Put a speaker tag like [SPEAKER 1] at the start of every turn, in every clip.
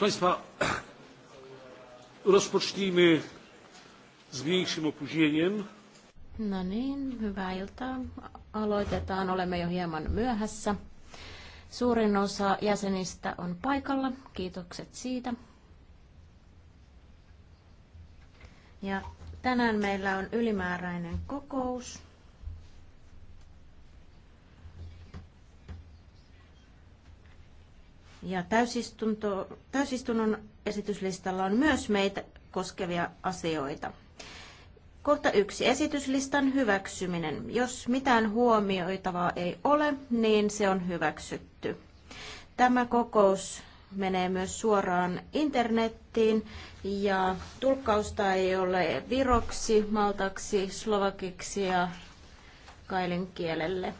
[SPEAKER 1] Państwa, rozpocznijmy z mniejszym opóźnieniem.
[SPEAKER 2] No niin, hyvää iltaa. Aloitetaan, olemme jo hieman myöhässä. Suurin osa jäsenistä on paikalla, kiitokset siitä. Ja tänään meillä on ylimääräinen kokous. Ja täysistunto, täysistunnon esityslistalla on myös meitä koskevia asioita. Kohta yksi. Esityslistan hyväksyminen. Jos mitään huomioitavaa ei ole, niin se on hyväksytty. Tämä kokous menee myös suoraan internettiin ja tulkkausta ei ole viroksi, maltaksi, slovakiksi ja kailin kielelle.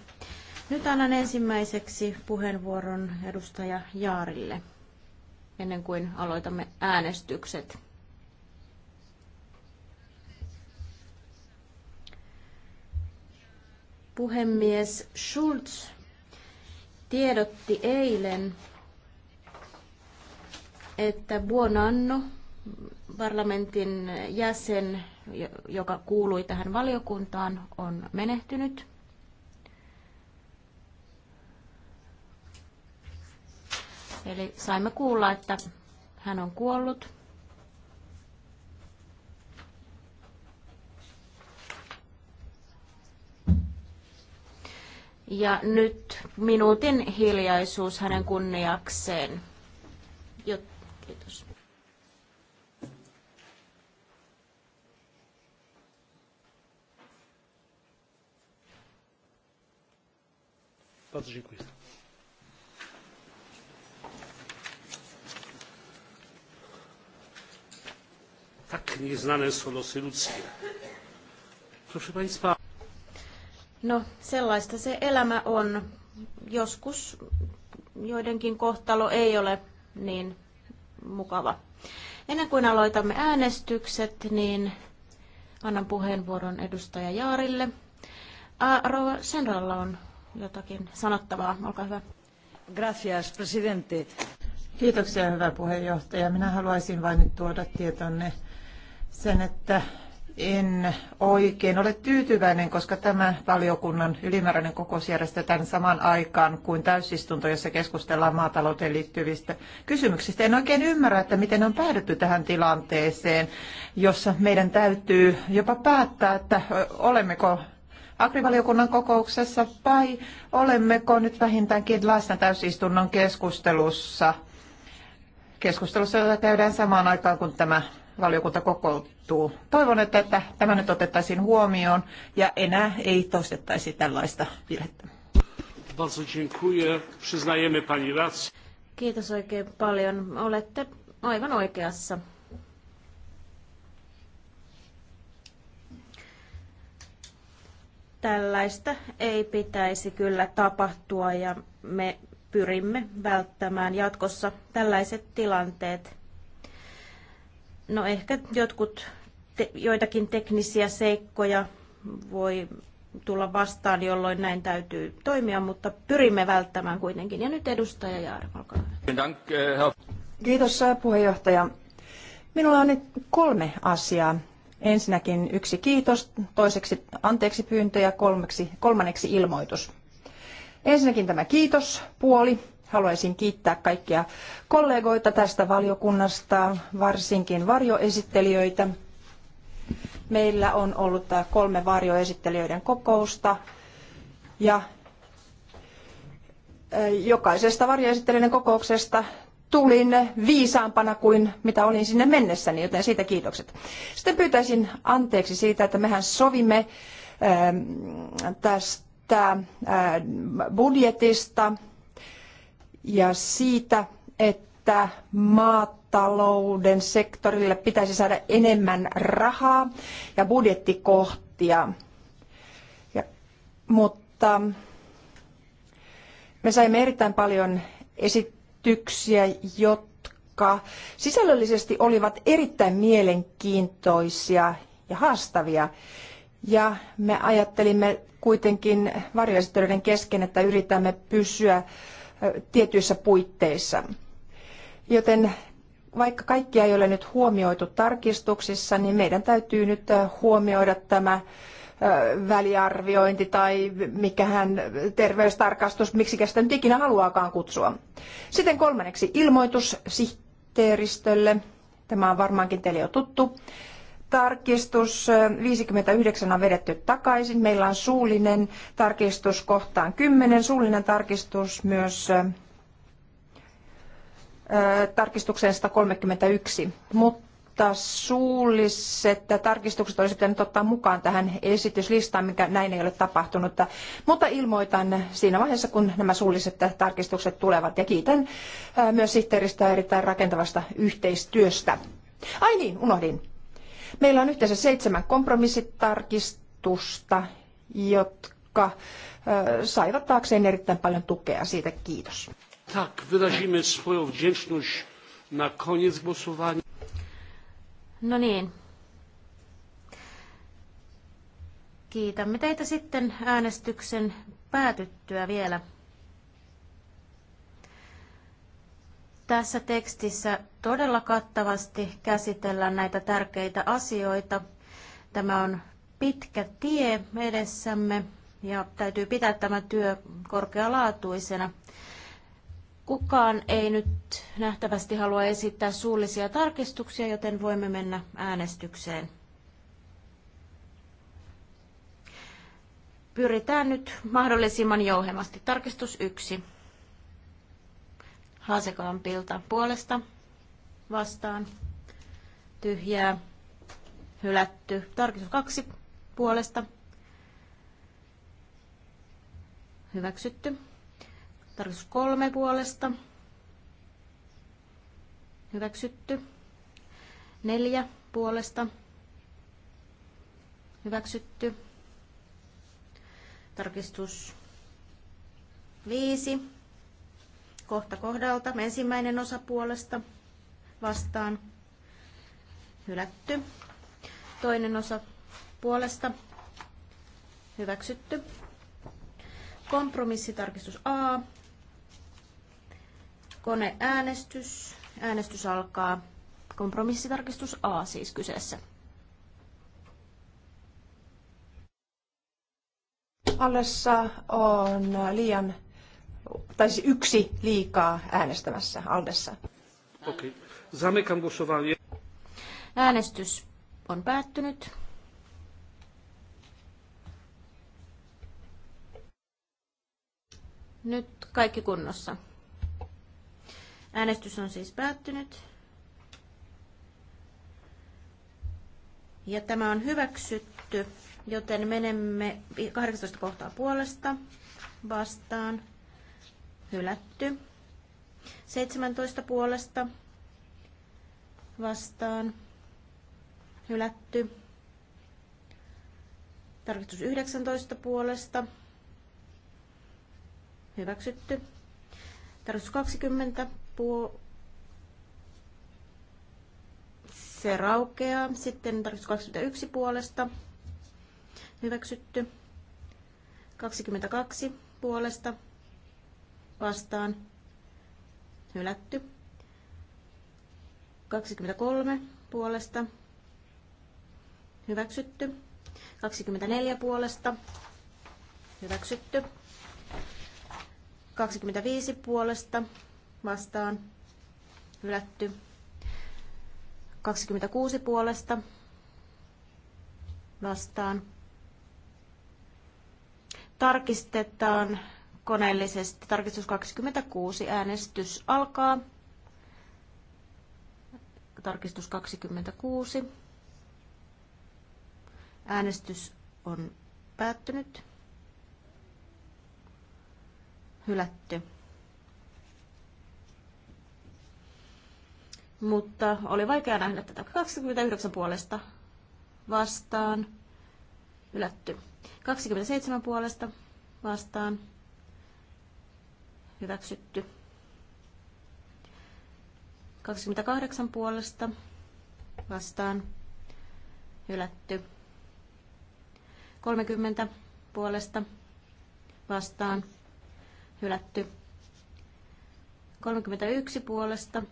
[SPEAKER 2] Nyt annan ensimmäiseksi puheenvuoron edustaja Jaarille, ennen kuin aloitamme äänestykset. Puhemies Schulz tiedotti eilen, että Buonanno, parlamentin jäsen, joka kuului tähän valiokuntaan, on menehtynyt. Eli saimme kuulla, että hän on kuollut. Ja nyt minuutin hiljaisuus hänen kunniakseen. Jo, kiitos.
[SPEAKER 1] Bardzo dziękuję. Tak nieznane są losy ludzkie. Proszę Państwa.
[SPEAKER 2] No, sellaista se elämä on. Joskus joidenkin kohtalo ei ole niin mukava. Ennen kuin aloitamme äänestykset, niin annan puheenvuoron edustaja Jaarille.
[SPEAKER 3] Rova Senralla on jotakin sanottavaa. Olkaa hyvä. Gracias, presidente. Kiitoksia, hyvä puheenjohtaja. Minä haluaisin vain nyt tuoda tietonne sen, että en oikein ole tyytyväinen, koska tämä valiokunnan ylimääräinen kokous järjestetään samaan aikaan kuin täysistunto, jossa keskustellaan maatalouteen liittyvistä kysymyksistä. En oikein ymmärrä, että miten on päädytty tähän tilanteeseen, jossa meidän täytyy jopa päättää, että olemmeko agrivaliokunnan kokouksessa vai olemmeko nyt vähintäänkin läsnä täysistunnon keskustelussa. Keskustelussa, jota käydään samaan aikaan kuin tämä valiokunta kokoontuu. Toivon, että tämä nyt otettaisiin huomioon ja enää ei toistettaisi tällaista virhettä.
[SPEAKER 2] Kiitos oikein paljon. Olette aivan oikeassa. Tällaista ei pitäisi kyllä tapahtua ja me pyrimme välttämään jatkossa tällaiset tilanteet. No ehkä jotkut, te, joitakin teknisiä seikkoja voi tulla vastaan, jolloin näin täytyy toimia, mutta pyrimme välttämään kuitenkin. Ja
[SPEAKER 4] nyt edustaja Jaara, olkaa hyvä. Kiitos äh, puheenjohtaja. Minulla on nyt kolme asiaa. Ensinnäkin yksi kiitos, toiseksi anteeksi pyyntö ja kolmeksi, kolmanneksi ilmoitus. Ensinnäkin tämä kiitos puoli. Haluaisin kiittää kaikkia kollegoita tästä valiokunnasta, varsinkin varjoesittelijöitä. Meillä on ollut kolme varjoesittelijöiden kokousta ja jokaisesta varjoesittelijöiden kokouksesta tulin viisaampana kuin mitä olin sinne mennessäni, joten siitä kiitokset. Sitten pyytäisin anteeksi siitä, että mehän sovimme tästä budjetista ja siitä, että maatalouden sektorille pitäisi saada enemmän rahaa ja budjettikohtia. Ja, mutta me saimme erittäin paljon esityksiä, jotka sisällöllisesti olivat erittäin mielenkiintoisia ja haastavia. Ja me ajattelimme kuitenkin varjoesittelyiden kesken, että yritämme pysyä tietyissä puitteissa. Joten vaikka kaikkia ei ole nyt huomioitu tarkistuksissa, niin meidän täytyy nyt huomioida tämä väliarviointi tai mikähän terveystarkastus, miksi sitä nyt ikinä haluaakaan kutsua. Sitten kolmanneksi ilmoitus sihteeristölle. Tämä on varmaankin teille jo tuttu. Tarkistus 59 on vedetty takaisin. Meillä on suullinen tarkistus kohtaan 10, suullinen tarkistus myös tarkistukseen 131, mutta suulliset tarkistukset olisi pitänyt ottaa mukaan tähän esityslistaan, mikä näin ei ole tapahtunut. Mutta ilmoitan siinä vaiheessa, kun nämä suulliset tarkistukset tulevat. Ja kiitän myös sihteeristä erittäin rakentavasta yhteistyöstä. Ai niin, unohdin. Meillä on yhteensä seitsemän kompromissitarkistusta, jotka saivat taakseen erittäin paljon tukea. Siitä kiitos.
[SPEAKER 1] Tak, swoją wdzięczność na koniec głosowania.
[SPEAKER 2] No niin. Kiitämme teitä sitten äänestyksen päätyttyä vielä. Tässä tekstissä todella kattavasti käsitellään näitä tärkeitä asioita. Tämä on pitkä tie edessämme ja täytyy pitää tämä työ korkealaatuisena. Kukaan ei nyt nähtävästi halua esittää suullisia tarkistuksia, joten voimme mennä äänestykseen. Pyritään nyt mahdollisimman jouhemasti. Tarkistus 1. Hasekampilta puolesta vastaan. Tyhjää. Hylätty. Tarkistus kaksi puolesta. Hyväksytty. Tarkistus kolme puolesta. Hyväksytty. Neljä puolesta. Hyväksytty. Tarkistus viisi kohta kohdalta. Ensimmäinen osa puolesta vastaan hylätty. Toinen osa puolesta hyväksytty. Kompromissitarkistus A. Koneäänestys. Äänestys alkaa. Kompromissitarkistus A siis kyseessä.
[SPEAKER 4] Allessa on liian tai siis yksi liikaa äänestämässä Aldessa.
[SPEAKER 1] Okei. Zamykam głosowanie.
[SPEAKER 4] Äänestys on päättynyt.
[SPEAKER 2] Nyt kaikki kunnossa. Äänestys on siis päättynyt. Ja tämä on hyväksytty, joten menemme 18 kohtaa puolesta vastaan hylätty. 17 puolesta vastaan hylätty. Tarkistus 19 puolesta hyväksytty. Tarkistus 20 puolesta se raukeaa. Sitten tarkistus 21 puolesta hyväksytty. 22 puolesta vastaan hylätty. 23 puolesta hyväksytty. 24 puolesta hyväksytty. 25 puolesta vastaan hylätty. 26 puolesta vastaan. Tarkistetaan koneellisesti. Tarkistus 26. Äänestys alkaa. Tarkistus 26. Äänestys on päättynyt. Hylätty. Mutta oli vaikea nähdä tätä. 29 puolesta vastaan. Hylätty. 27 puolesta vastaan hyväksytty. 28 puolesta vastaan hylätty. 30 puolesta vastaan hylätty. 31 puolesta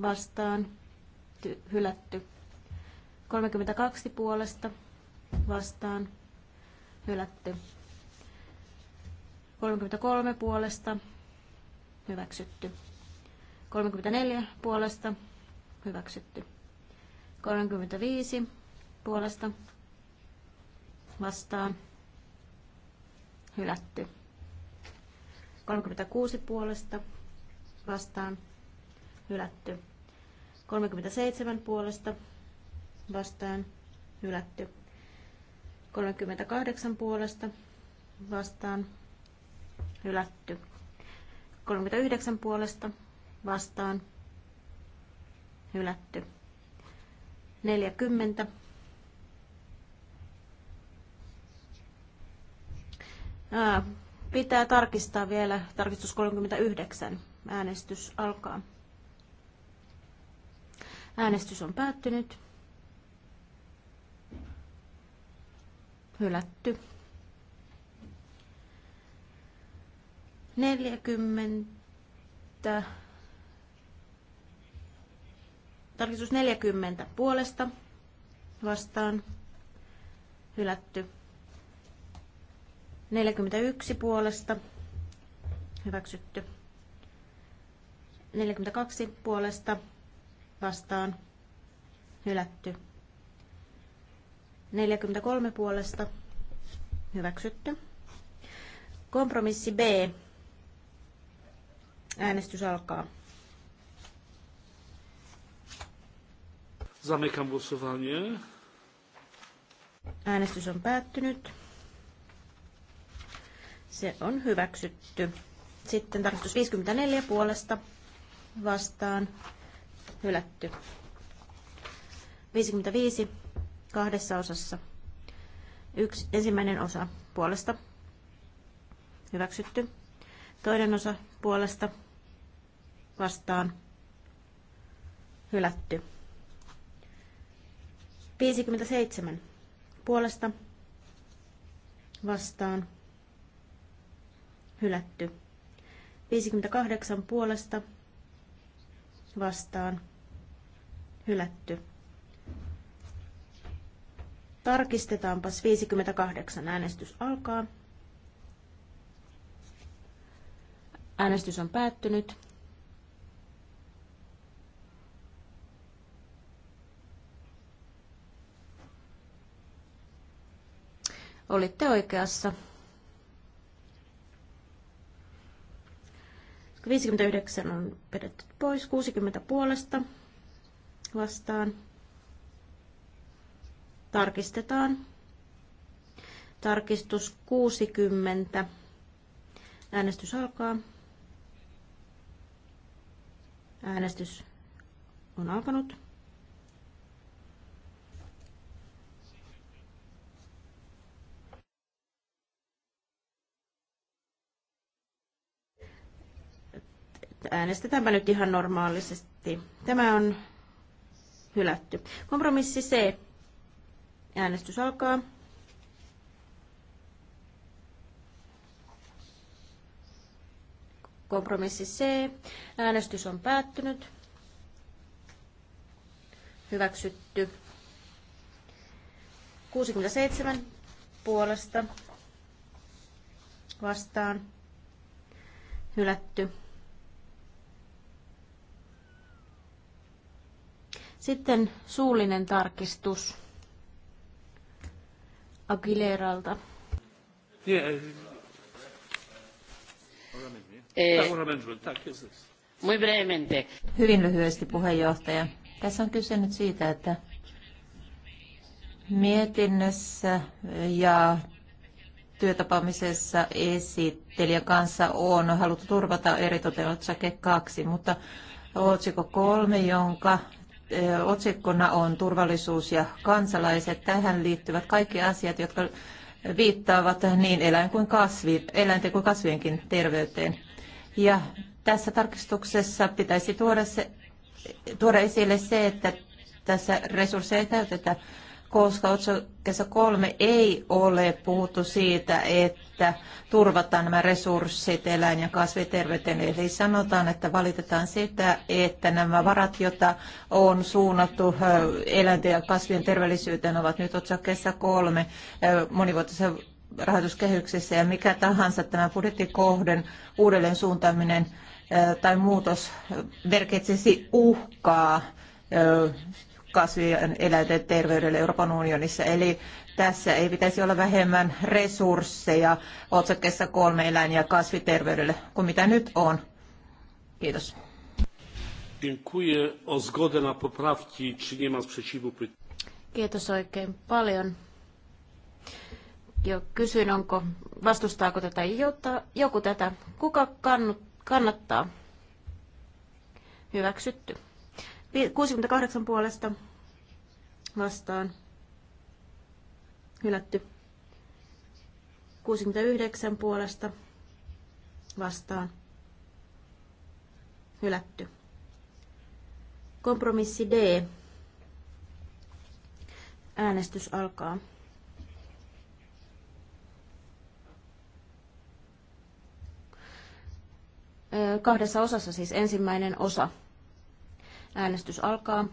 [SPEAKER 2] vastaan ty- hylätty. 32 puolesta vastaan hylätty. 33 puolesta hyväksytty. 34 puolesta, hyväksytty. 35 puolesta, vastaan, hylätty. 36 puolesta, vastaan, hylätty. 37 puolesta, vastaan, hylätty. 38 puolesta, vastaan, hylätty. 39 puolesta vastaan hylätty. 40. Ää, pitää tarkistaa vielä tarkistus 39. Äänestys alkaa. Äänestys on päättynyt. Hylätty. 40. Tarkistus 40 puolesta vastaan hylätty. 41 puolesta hyväksytty. 42 puolesta vastaan hylätty. 43 puolesta hyväksytty. Kompromissi B Äänestys alkaa.
[SPEAKER 1] Zamykam głosowanie.
[SPEAKER 2] Äänestys on päättynyt. Se on hyväksytty. Sitten tarkistus 54 puolesta vastaan hylätty. 55 kahdessa osassa. Yksi, ensimmäinen osa puolesta hyväksytty. Toinen osa puolesta vastaan hylätty. 57 puolesta vastaan hylätty. 58 puolesta vastaan hylätty. Tarkistetaanpas 58 äänestys alkaa. Äänestys on päättynyt. Olitte oikeassa. 59 on vedetty pois, 60 puolesta vastaan. Tarkistetaan. Tarkistus 60. Äänestys alkaa. Äänestys on alkanut. Äänestetäänpä nyt ihan normaalisesti. Tämä on hylätty. Kompromissi C. Äänestys alkaa. Kompromissi C. Äänestys on päättynyt. Hyväksytty. 67 puolesta vastaan. Hylätty. Sitten suullinen tarkistus Aguileralta.
[SPEAKER 1] Yeah. Eh,
[SPEAKER 3] muy brevemente. Hyvin lyhyesti puheenjohtaja. Tässä on kyse nyt siitä, että mietinnössä ja työtapaamisessa esittelijän kanssa on haluttu turvata eritoten otsake 2, mutta otsikko 3, jonka eh, otsikkona on turvallisuus ja kansalaiset. Tähän liittyvät kaikki asiat, jotka viittaavat niin eläin kuin kasvi, eläinten kuin kasvienkin terveyteen. Ja tässä tarkistuksessa pitäisi tuoda, se, tuoda esille se, että tässä resursseja ei täytetä, koska otsakkeessa kolme ei ole puhuttu siitä, että turvataan nämä resurssit eläin- ja kasviterveyteen. Eli sanotaan, että valitetaan sitä, että nämä varat, joita on suunnattu eläinten ja kasvien terveellisyyteen, ovat nyt otsakkeessa kolme monivuotisen rahoituskehyksissä ja mikä tahansa tämä budjettikohden uudelleen suuntaaminen tai muutos merkitsisi uhkaa kasvien eläinten terveydelle Euroopan unionissa. Eli tässä ei pitäisi olla vähemmän resursseja otsakkeessa kolme eläin- ja kasviterveydelle kuin mitä nyt on. Kiitos.
[SPEAKER 1] Dziękuję o zgodę na poprawki. Czy nie ma sprzeciwu?
[SPEAKER 2] Kiitos oikein paljon jo kysyin, onko, vastustaako tätä jota, joku tätä. Kuka kannut, kannattaa? Hyväksytty. 68 puolesta vastaan. Hylätty. 69 puolesta vastaan. Hylätty. Kompromissi D. Äänestys alkaa. Kahdessa osassa siis ensimmäinen osa. Äänestys alkaa.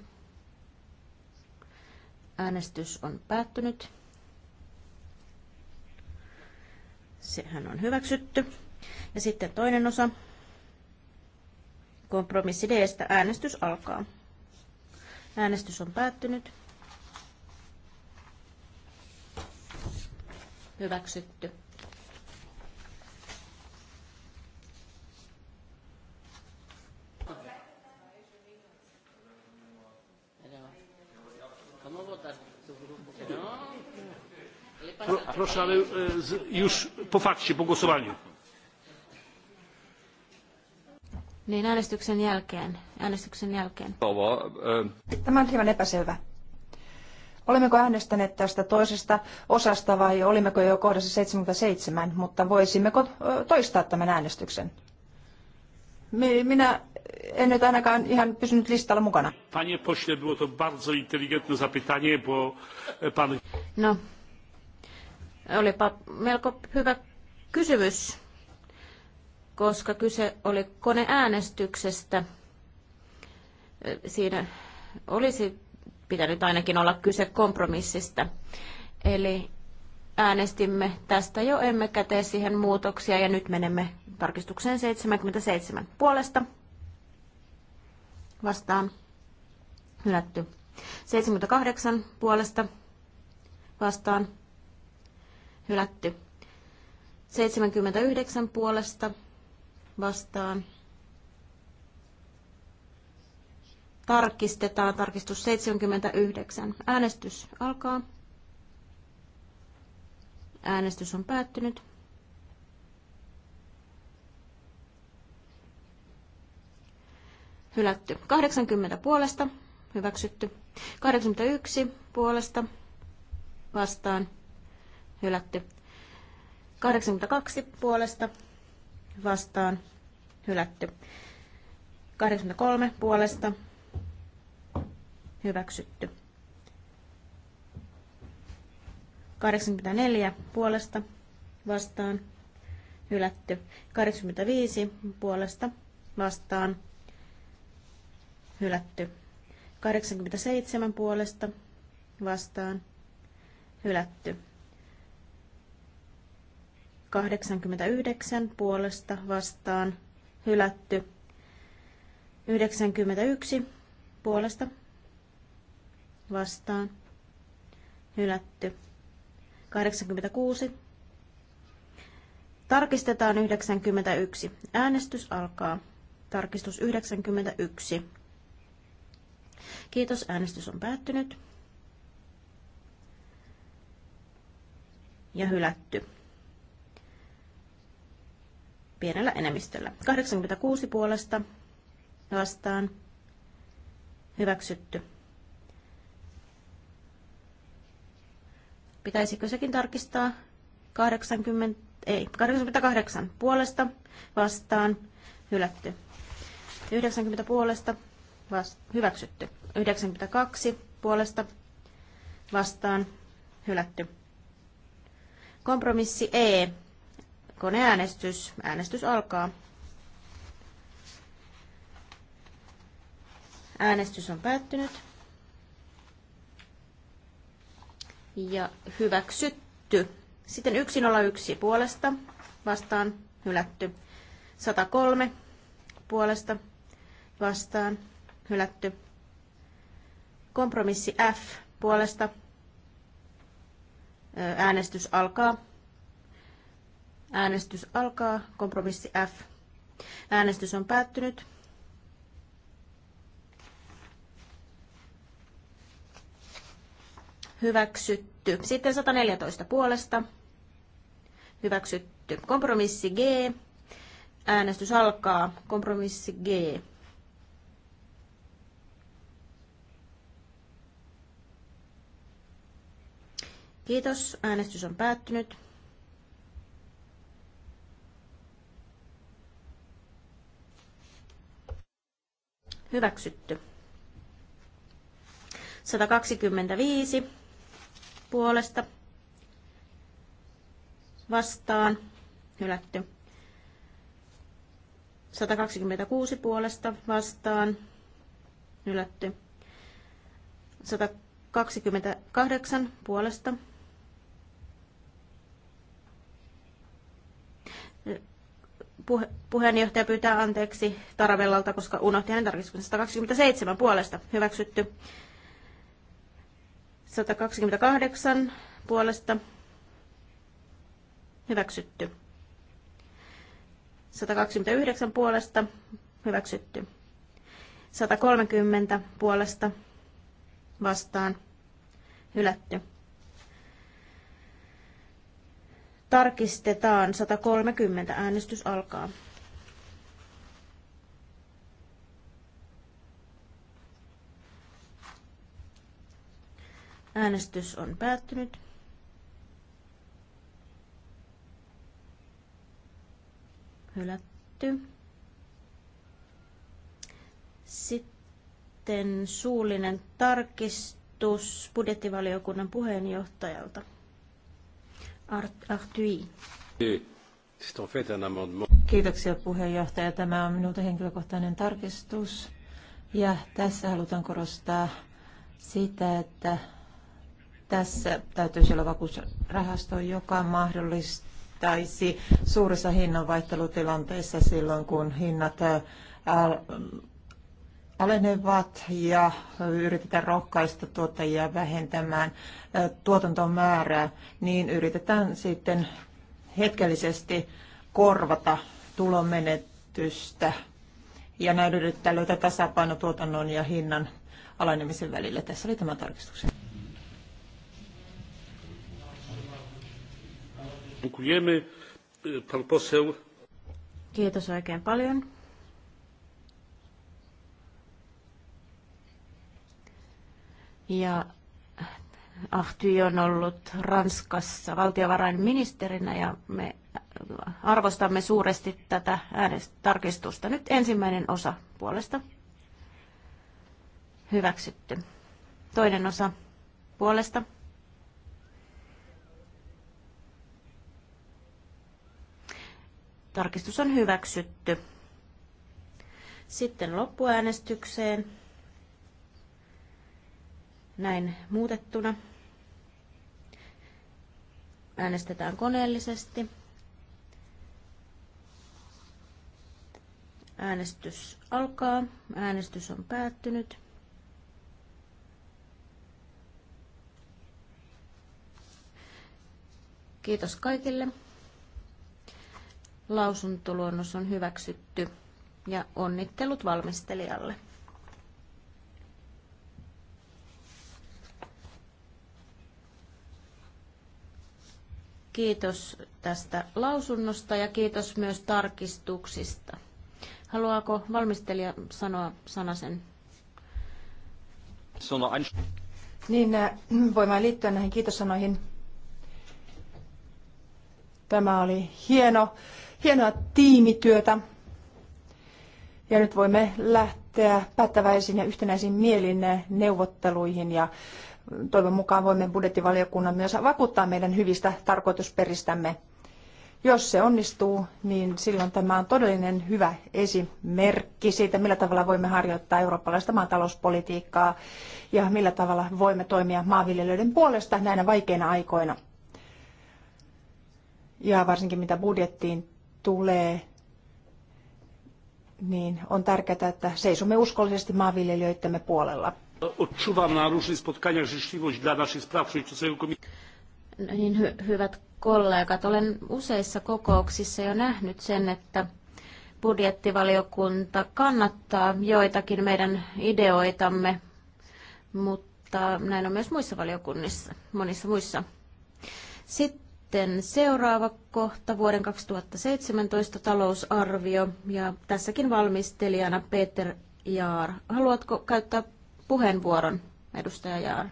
[SPEAKER 2] Äänestys on päättynyt. Sehän on hyväksytty. Ja sitten toinen osa. Kompromissi Dstä äänestys alkaa. Äänestys on päättynyt. Hyväksytty.
[SPEAKER 1] proszę, ale e, już po fakcie, po głosowaniu.
[SPEAKER 4] Niin äänestyksen jälkeen. Äänestyksen jälkeen. E, Tämä on hieman epäselvä. Olemmeko äänestäneet tästä toisesta osasta vai olimmeko jo kohdassa 77, mutta voisimmeko toistaa tämän äänestyksen? Minä en nyt ainakaan ihan pysynyt listalla mukana.
[SPEAKER 1] Panie pośle, było to bardzo inteligentne zapytanie, bo e, pan...
[SPEAKER 4] No, Olipa
[SPEAKER 2] melko hyvä kysymys, koska kyse oli koneäänestyksestä. Siinä olisi pitänyt ainakin olla kyse kompromissista. Eli äänestimme tästä jo, emmekä tee siihen muutoksia ja nyt menemme tarkistukseen 77 puolesta. Vastaan hylätty. 78 puolesta vastaan hylätty. 79 puolesta vastaan. Tarkistetaan tarkistus 79. Äänestys alkaa. Äänestys on päättynyt. Hylätty. 80 puolesta. Hyväksytty. 81 puolesta vastaan hylätty. 82 puolesta vastaan hylätty. 83 puolesta hyväksytty. 84 puolesta vastaan hylätty. 85 puolesta vastaan hylätty. 87 puolesta vastaan hylätty. 89 puolesta vastaan hylätty. 91 puolesta vastaan hylätty. 86 Tarkistetaan 91. Äänestys alkaa. Tarkistus 91. Kiitos, äänestys on päättynyt. Ja hylätty pienellä enemmistöllä. 86 puolesta vastaan hyväksytty. Pitäisikö sekin tarkistaa? 80, ei, 88 puolesta vastaan hylätty. 90 puolesta vasta hyväksytty. 92 puolesta vastaan hylätty. Kompromissi E Koneäänestys. Äänestys alkaa. Äänestys on päättynyt. Ja hyväksytty. Sitten 101 puolesta vastaan hylätty. 103 puolesta vastaan hylätty. Kompromissi F puolesta. Äänestys alkaa. Äänestys alkaa. Kompromissi F. Äänestys on päättynyt. Hyväksytty. Sitten 114 puolesta. Hyväksytty. Kompromissi G. Äänestys alkaa. Kompromissi G. Kiitos. Äänestys on päättynyt. Hyväksytty. 125 puolesta vastaan hylätty. 126 puolesta vastaan hylätty. 128 puolesta Puhe- puheenjohtaja pyytää anteeksi Taravellalta, koska unohti hänen tarkistuksen 127 puolesta. Hyväksytty. 128 puolesta. Hyväksytty. 129 puolesta. Hyväksytty. 130 puolesta. Vastaan. Hylätty. Tarkistetaan 130. Äänestys alkaa. Äänestys on päättynyt. Hylätty. Sitten suullinen tarkistus budjettivaliokunnan puheenjohtajalta.
[SPEAKER 3] Kiitoksia puheenjohtaja. Tämä on minulta henkilökohtainen tarkistus. Ja tässä halutaan korostaa sitä, että tässä täytyisi olla vakuusrahasto, joka mahdollistaisi suurissa hinnanvaihtelutilanteissa silloin, kun hinnat äh, alenevat ja yritetään rohkaista tuottajia vähentämään tuotantomäärää, niin yritetään sitten hetkellisesti korvata tulomenetystä ja näin yrittää löytää tasapaino tuotannon ja hinnan alenemisen välillä. Tässä oli tämä tarkistus.
[SPEAKER 2] Kiitos oikein paljon. Ja Ahty on ollut Ranskassa valtiovarainministerinä ja me arvostamme suuresti tätä äänestarkistusta. Nyt ensimmäinen osa puolesta hyväksytty. Toinen osa puolesta Tarkistus on hyväksytty. Sitten loppuäänestykseen näin muutettuna. Äänestetään koneellisesti. Äänestys alkaa. Äänestys on päättynyt. Kiitos kaikille. Lausuntoluonnos on hyväksytty ja onnittelut valmistelijalle. Kiitos tästä lausunnosta ja kiitos myös tarkistuksista. Haluaako valmistelija sanoa sanasen?
[SPEAKER 4] Niin, äh, voin vain liittyä näihin kiitossanoihin. Tämä oli hieno, hienoa tiimityötä. Ja nyt voimme lähteä päättäväisiin ja yhtenäisiin mielin neuvotteluihin ja toivon mukaan voimme budjettivaliokunnan myös vakuuttaa meidän hyvistä tarkoitusperistämme. Jos se onnistuu, niin silloin tämä on todellinen hyvä esimerkki siitä, millä tavalla voimme harjoittaa eurooppalaista maatalouspolitiikkaa ja millä tavalla voimme toimia maanviljelijöiden puolesta näinä vaikeina aikoina. Ja varsinkin mitä budjettiin tulee, niin on tärkeää, että seisomme uskollisesti maanviljelijöittemme puolella.
[SPEAKER 1] Odczuwam na różnych spotkaniach życzliwość dla naszych spraw przewodniczącego komisji.
[SPEAKER 4] No niin, hy- hyvät kollegat, olen
[SPEAKER 2] useissa kokouksissa jo nähnyt sen, että budjettivaliokunta kannattaa joitakin meidän ideoitamme, mutta näin on myös muissa valiokunnissa, monissa muissa. Sitten seuraava kohta, vuoden 2017 talousarvio, ja tässäkin valmistelijana Peter Jaar. Haluatko käyttää puheenvuoron. Edustaja Jaar,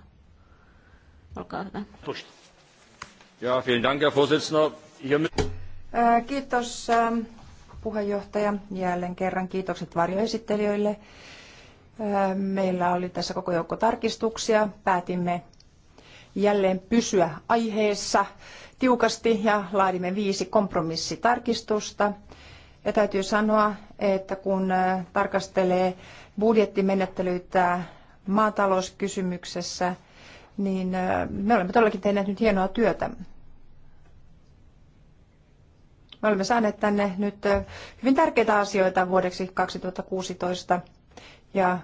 [SPEAKER 4] olkaa hyvä.
[SPEAKER 1] Ja, vielen dank, Herr Vorsitzender.
[SPEAKER 4] Kiitos ähm, puheenjohtaja. Jälleen kerran kiitokset varjoesittelijöille. Meillä oli tässä koko joukko tarkistuksia. Päätimme jälleen pysyä aiheessa tiukasti ja laadimme viisi kompromissitarkistusta. Ja täytyy sanoa, että kun tarkastelee budjettimenettelyitä maatalouskysymyksessä, niin me olemme todellakin tehneet nyt hienoa työtä. Me olemme saaneet tänne nyt hyvin tärkeitä asioita vuodeksi 2016 ja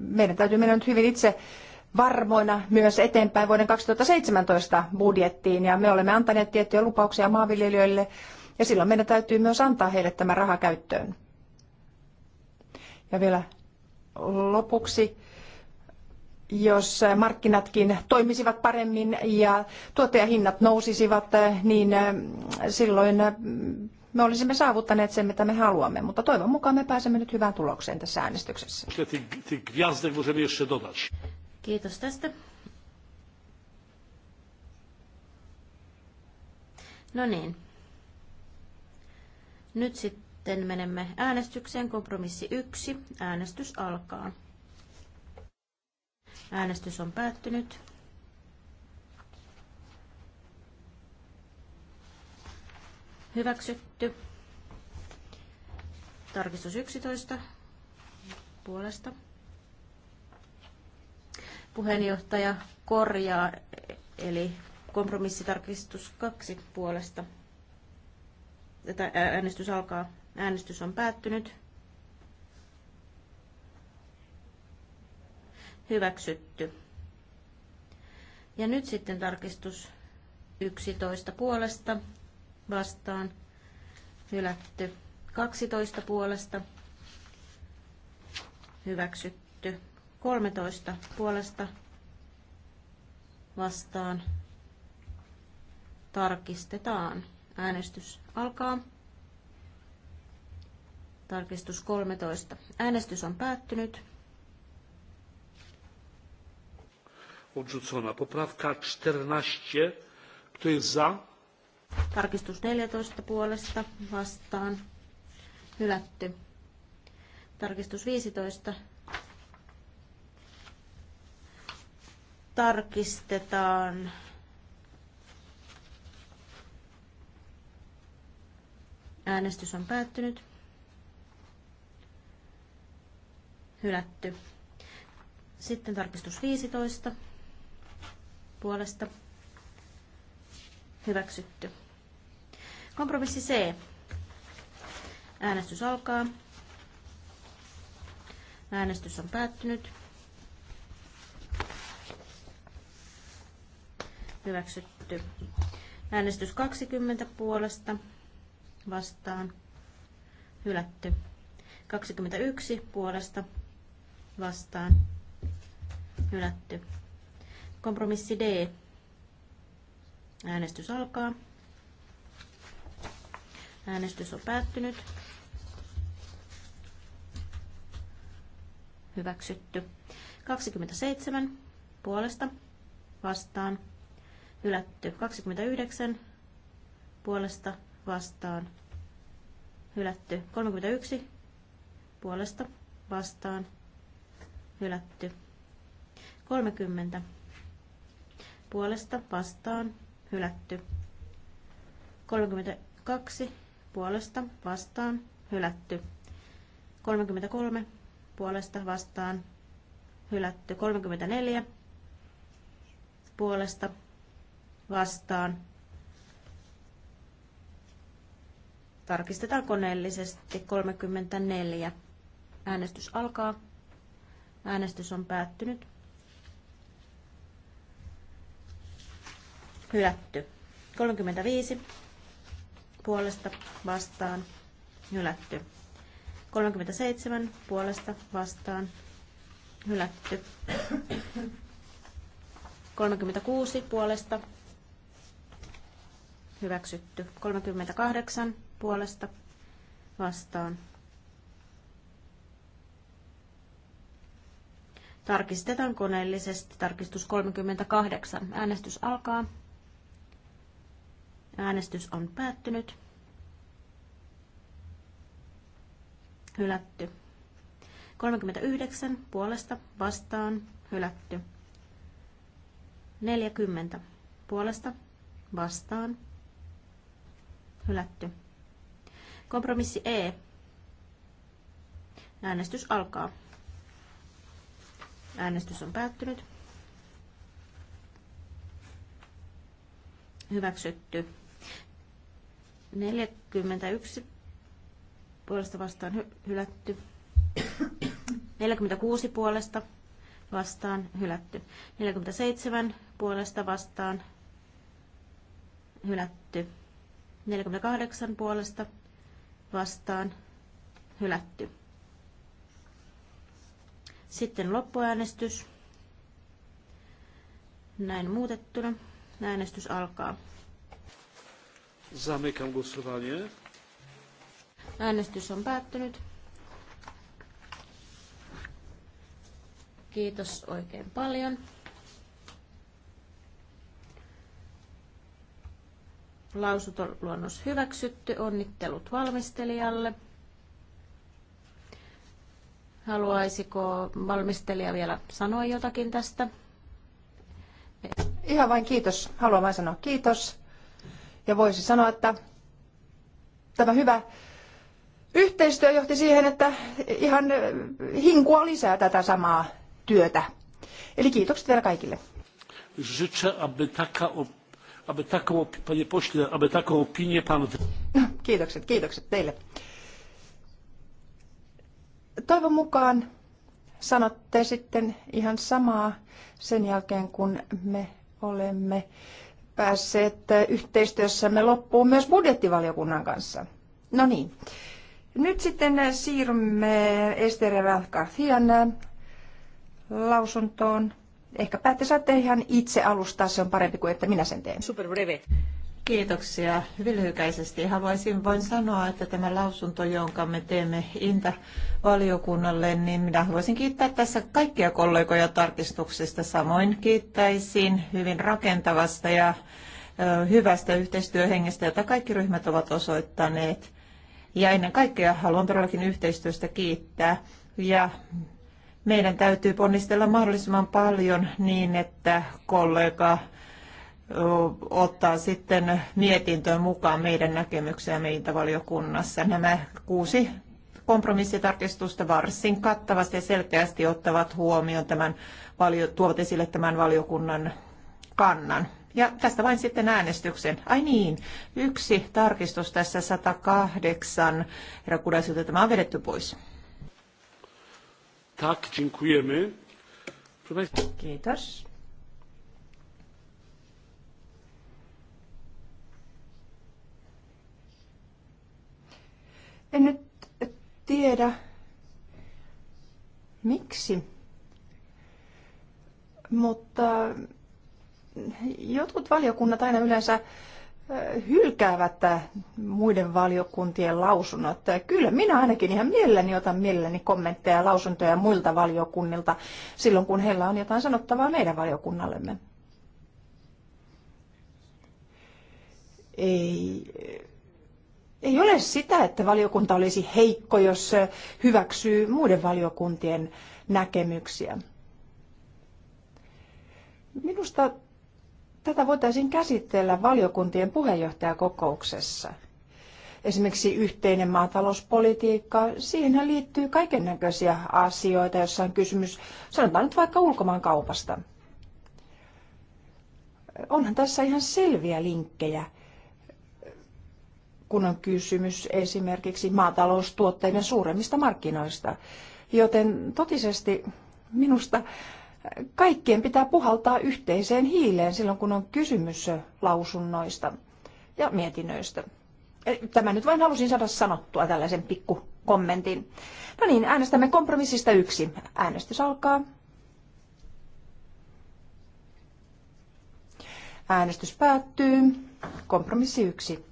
[SPEAKER 4] meidän täytyy mennä nyt hyvin itse varmoina myös eteenpäin vuoden 2017 budjettiin ja me olemme antaneet tiettyjä lupauksia maanviljelijöille ja silloin meidän täytyy myös antaa heille tämä raha käyttöön. Ja vielä lopuksi, jos markkinatkin toimisivat paremmin ja tuottajahinnat nousisivat, niin silloin me olisimme saavuttaneet sen, mitä me haluamme, mutta toivon mukaan me pääsemme nyt hyvään tulokseen tässä äänestyksessä. Kiitos tästä.
[SPEAKER 2] No niin. Nyt sitten sitten menemme äänestykseen. Kompromissi 1. Äänestys alkaa. Äänestys on päättynyt. Hyväksytty. Tarkistus 11 puolesta. Puheenjohtaja korjaa, eli kompromissitarkistus 2 puolesta. Tätä äänestys alkaa. Äänestys on päättynyt. Hyväksytty. Ja nyt sitten tarkistus 11 puolesta vastaan. Hylätty. 12 puolesta. Hyväksytty. 13 puolesta vastaan. Tarkistetaan. Äänestys alkaa. Tarkistus 13. Äänestys on päättynyt.
[SPEAKER 1] Odrzucona. Poprawka 14. Kto jest za?
[SPEAKER 2] Tarkistus 14 puolesta vastaan. Hylätty. Tarkistus 15. Tarkistetaan. Äänestys on päättynyt. hylätty. Sitten tarkistus 15 puolesta hyväksytty. Kompromissi C. Äänestys alkaa. Äänestys on päättynyt. Hyväksytty. Äänestys 20 puolesta vastaan. Hylätty. 21 puolesta vastaan hylätty. Kompromissi D. Äänestys alkaa. Äänestys on päättynyt. Hyväksytty. 27 puolesta vastaan hylätty. 29 puolesta vastaan hylätty. 31 puolesta vastaan hylätty. 30 puolesta vastaan hylätty. 32 puolesta vastaan hylätty. 33 puolesta vastaan hylätty. 34 puolesta vastaan Tarkistetaan koneellisesti. 34. Äänestys alkaa. Äänestys on päättynyt. Hylätty. 35 puolesta vastaan. Hylätty. 37 puolesta vastaan. Hylätty. 36 puolesta hyväksytty. 38 puolesta vastaan Tarkistetaan koneellisesti. Tarkistus 38. Äänestys alkaa. Äänestys on päättynyt. Hylätty. 39 puolesta vastaan hylätty. 40 puolesta vastaan hylätty. Kompromissi E. Äänestys alkaa. Äänestys on päättynyt. Hyväksytty. 41 puolesta vastaan hylätty. 46 puolesta vastaan hylätty. 47 puolesta vastaan hylätty. 48 puolesta vastaan hylätty. Sitten loppuäänestys. Näin muutettuna. Äänestys alkaa.
[SPEAKER 1] Zamykam głosowanie.
[SPEAKER 2] Äänestys on päättynyt. Kiitos oikein paljon. Lausuntoluonnos hyväksytty. Onnittelut valmistelijalle. Haluaisiko valmistelija vielä sanoa jotakin tästä?
[SPEAKER 4] Ihan vain kiitos. Haluan vain sanoa kiitos. Ja voisi sanoa, että tämä hyvä yhteistyö johti siihen, että ihan hinkua lisää tätä samaa työtä. Eli kiitokset vielä kaikille. Kiitokset, kiitokset teille toivon mukaan sanotte sitten ihan samaa sen jälkeen, kun me olemme päässeet yhteistyössämme loppuun myös budjettivaliokunnan kanssa. No niin. Nyt sitten siirrymme Ester Garcian lausuntoon. Ehkä päätte saatte ihan itse alustaa, se on parempi kuin että minä sen teen. Super
[SPEAKER 3] breve. Kiitoksia. Hyvin haluaisin vain sanoa, että tämä lausunto, jonka me teemme Inta-valiokunnalle, niin minä haluaisin kiittää tässä kaikkia kollegoja tarkistuksista. Samoin kiittäisin hyvin rakentavasta ja hyvästä yhteistyöhengestä, jota kaikki ryhmät ovat osoittaneet. Ja ennen kaikkea haluan todellakin yhteistyöstä kiittää. Ja meidän täytyy ponnistella mahdollisimman paljon niin, että kollega ottaa sitten mietintöön mukaan meidän näkemyksiä meitä valiokunnassa. Nämä kuusi kompromissitarkistusta varsin kattavasti ja selkeästi ottavat huomioon tämän, tuovat esille tämän valiokunnan kannan. Ja tästä vain sitten äänestyksen. Ai niin, yksi tarkistus tässä 108. Herra Kudasilta, tämä on vedetty pois.
[SPEAKER 1] Tak, dziękujemy.
[SPEAKER 4] Kiitos. En nyt tiedä, miksi, mutta jotkut valiokunnat aina yleensä hylkäävät muiden valiokuntien lausunnot. Kyllä minä ainakin ihan mielelläni otan mielelläni kommentteja ja lausuntoja muilta valiokunnilta silloin, kun heillä on jotain sanottavaa meidän valiokunnallemme. Ei ei ole sitä, että valiokunta olisi heikko, jos hyväksyy muiden valiokuntien näkemyksiä. Minusta tätä voitaisiin käsitellä valiokuntien puheenjohtajakokouksessa. Esimerkiksi yhteinen maatalouspolitiikka, siihen liittyy kaiken näköisiä asioita, jossa on kysymys, sanotaan nyt vaikka ulkomaankaupasta. Onhan tässä ihan selviä linkkejä kun on kysymys esimerkiksi maataloustuotteiden suuremmista markkinoista. Joten totisesti minusta kaikkien pitää puhaltaa yhteiseen hiileen silloin, kun on kysymys lausunnoista ja mietinnöistä. E, tämä nyt vain halusin saada sanottua tällaisen pikku kommentin. No niin, äänestämme kompromissista yksi. Äänestys alkaa. Äänestys päättyy. Kompromissi yksi.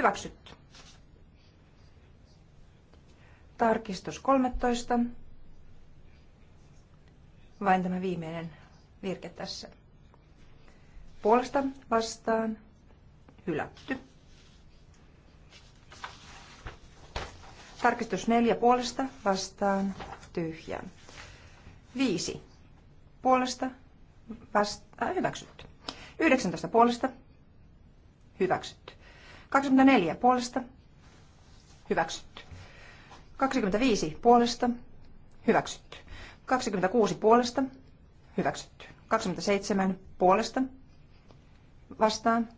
[SPEAKER 4] Hyväksytty. Tarkistus 13. Vain tämä viimeinen virke tässä. Puolesta vastaan. Hylätty. Tarkistus neljä puolesta vastaan tyhjää. Viisi puolesta vastaan äh, hyväksytty. 19 puolesta hyväksytty. 24 puolesta. Hyväksytty. 25 puolesta. Hyväksytty. 26 puolesta. Hyväksytty. 27 puolesta. Vastaan.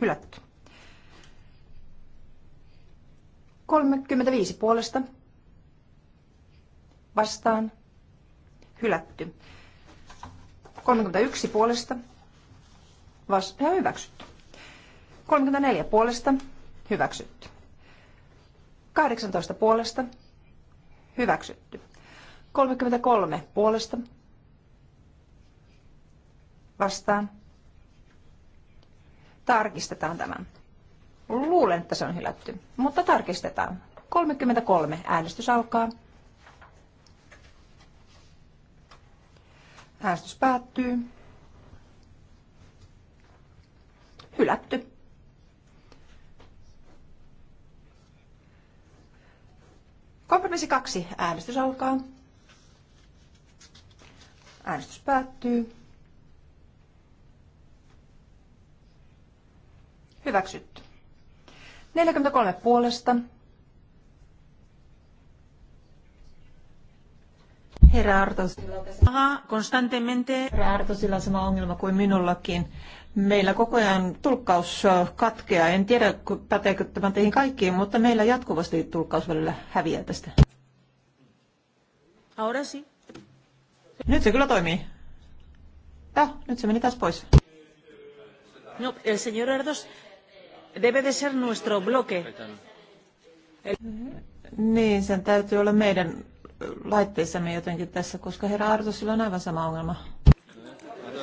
[SPEAKER 4] Hylätty. 35 puolesta. Vastaan. Hylätty. 31 puolesta. Vastaan. hyväksytty. 34 puolesta, hyväksytty. 18 puolesta, hyväksytty. 33 puolesta, vastaan. Tarkistetaan tämän. Luulen, että se on hylätty, mutta tarkistetaan. 33 äänestys alkaa. Äänestys päättyy. Hylätty. Kompromissi kaksi. Äänestys alkaa. Äänestys päättyy. Hyväksytty. 43 puolesta. Herra Artosilla,
[SPEAKER 3] Herra Artosilla on sama ongelma kuin minullakin. Meillä koko ajan tulkkaus katkeaa. En tiedä, päteekö tämä teihin kaikkiin, mutta meillä jatkuvasti tulkkaus välillä häviää tästä. Ahora sí. Nyt se kyllä toimii. Ja, nyt se meni taas pois. No, el señor Erdos debe de ser nuestro bloque. El... Mm-hmm. Niin, sen täytyy olla meidän laitteissamme jotenkin tässä, koska herra Ardosilla on aivan sama ongelma.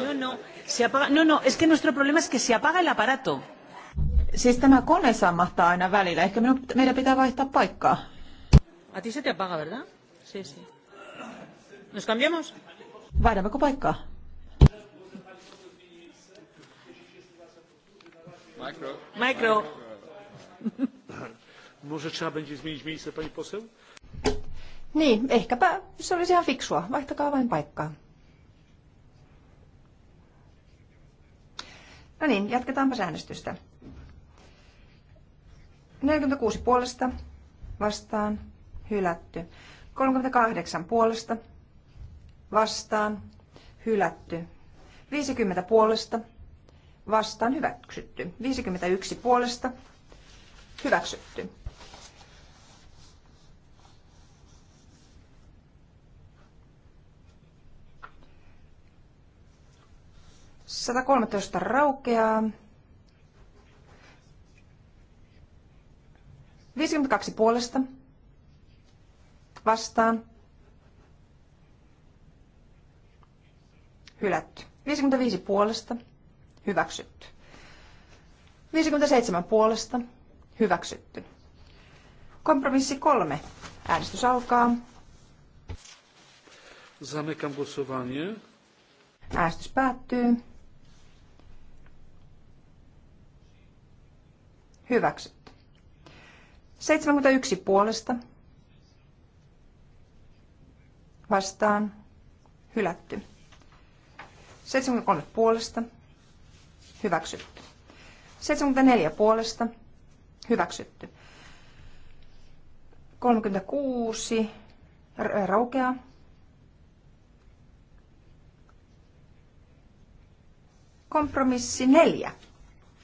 [SPEAKER 3] No, no, se apaga... No, no, es que nuestro problema es que se apaga el aparato. Siis tämä kone sammahtaa aina välillä. Ehkä minun, meidän pitää vaihtaa paikkaa. A ti se te apaga, ¿verdad? Sí, sí. ¿Nos cambiamos? Vaihdammeko paikkaa?
[SPEAKER 4] Micro. Micro.
[SPEAKER 1] Może trzeba będzie zmienić miejsce pani poseł?
[SPEAKER 4] Niin, ehkäpä se olisi ihan fiksua. Vaihtakaa vain paikkaa. No niin, jatketaanpa säännöstystä. 46 puolesta vastaan hylätty. 38 puolesta vastaan hylätty. 50 puolesta vastaan hyväksytty. 51 puolesta hyväksytty. 113 raukeaa. 52 puolesta. Vastaan. Hylätty. 55 puolesta. Hyväksytty. 57 puolesta. Hyväksytty. Kompromissi kolme. Äänestys alkaa.
[SPEAKER 1] Zamykam głosowanie.
[SPEAKER 4] Äänestys päättyy. Hyväksytty. 71 puolesta. Vastaan. Hylätty. 73 puolesta. Hyväksytty. 74 puolesta. Hyväksytty. 36 äh, raukeaa. Kompromissi 4.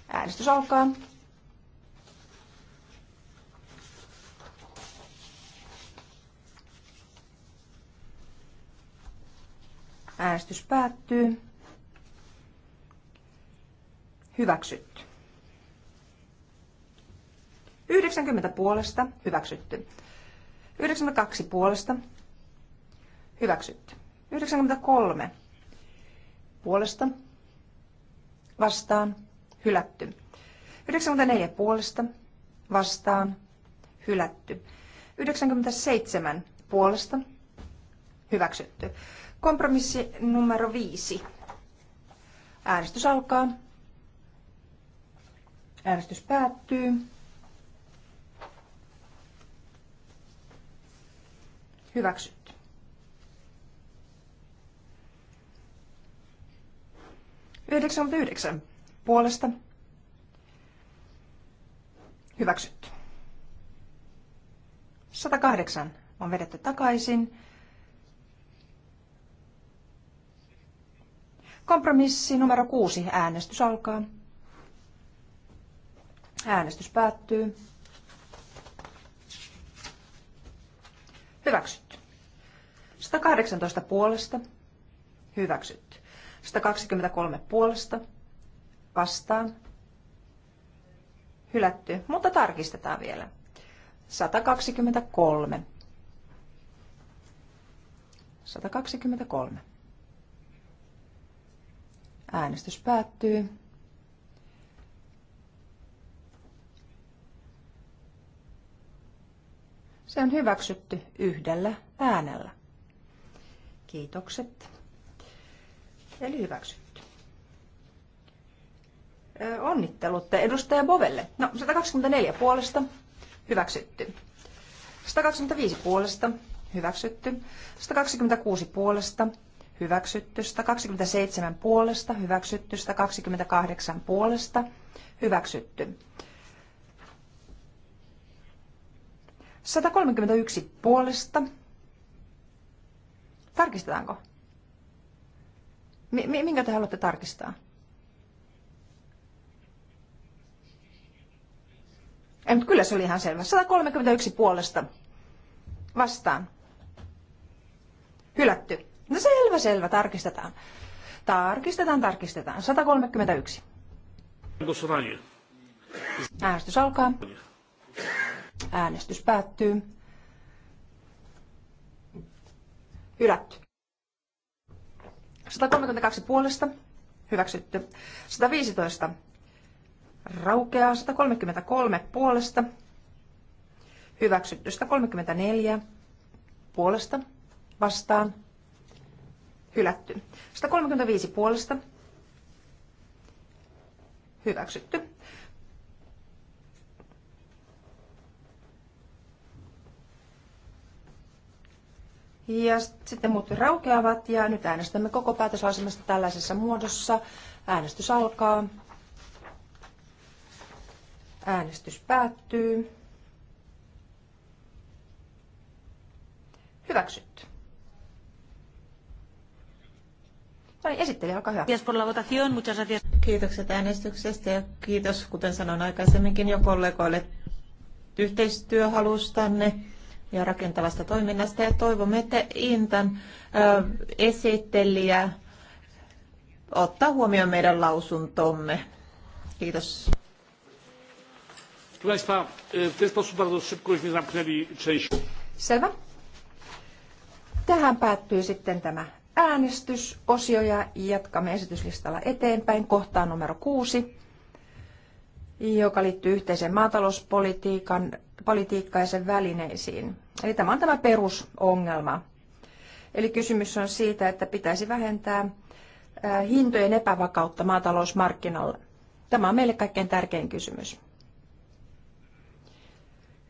[SPEAKER 4] Äänestys alkaa. Äänestys päättyy. Hyväksytty. 90 puolesta. Hyväksytty. 92 puolesta. Hyväksytty. 93 puolesta. Vastaan. Hylätty. 94 puolesta. Vastaan. Hylätty. 97 puolesta. Hyväksytty. Kompromissi numero viisi. Äänestys alkaa. Äänestys päättyy. Hyväksytty. Yhdeksän yhdeksän puolesta. Hyväksytty. 108 on vedetty takaisin. Kompromissi numero kuusi. Äänestys alkaa. Äänestys päättyy. Hyväksytty. 118 puolesta. Hyväksytty. 123 puolesta. Vastaan. Hylätty, mutta tarkistetaan vielä. 123. 123. Äänestys päättyy. Se on hyväksytty yhdellä äänellä. Kiitokset. Eli hyväksytty. Onnittelut edustaja Bovelle. No, 124 puolesta hyväksytty. 125 puolesta hyväksytty. 126 puolesta Hyväksytystä 27 puolesta, hyväksytystä 28 puolesta, hyväksytty. 131 puolesta. Tarkistetaanko? M- minkä te haluatte tarkistaa? Ei, mutta kyllä se oli ihan selvä. 131 puolesta vastaan. Hylätty. No selvä, selvä, tarkistetaan. Tarkistetaan, tarkistetaan. 131. Äänestys alkaa. Äänestys päättyy. Hylätty. 132 puolesta. Hyväksytty. 115. Raukeaa. 133 puolesta. Hyväksytty. 134 puolesta. Vastaan hylätty. 135 puolesta hyväksytty. Ja sitten muut raukeavat ja nyt äänestämme koko päätösasemasta tällaisessa muodossa. Äänestys alkaa. Äänestys päättyy. Hyväksytty.
[SPEAKER 3] No niin, esittelijä, olkaa hyvä. Kiitos por la votación, muchas gracias. Kiitokset äänestyksestä ja kiitos, kuten sanoin aikaisemminkin jo kollegoille, yhteistyöhalustanne ja rakentavasta toiminnasta. Ja toivomme, että Intan äh, esittelijä ottaa huomioon meidän lausuntomme.
[SPEAKER 4] Kiitos. Selvä. Tähän päättyy sitten tämä äänestysosio ja jatkamme esityslistalla eteenpäin kohtaan numero kuusi, joka liittyy yhteiseen maatalouspolitiikan politiikkaan ja sen välineisiin. Eli tämä on tämä perusongelma. Eli kysymys on siitä, että pitäisi vähentää hintojen epävakautta maatalousmarkkinoilla. Tämä on meille kaikkein tärkein kysymys.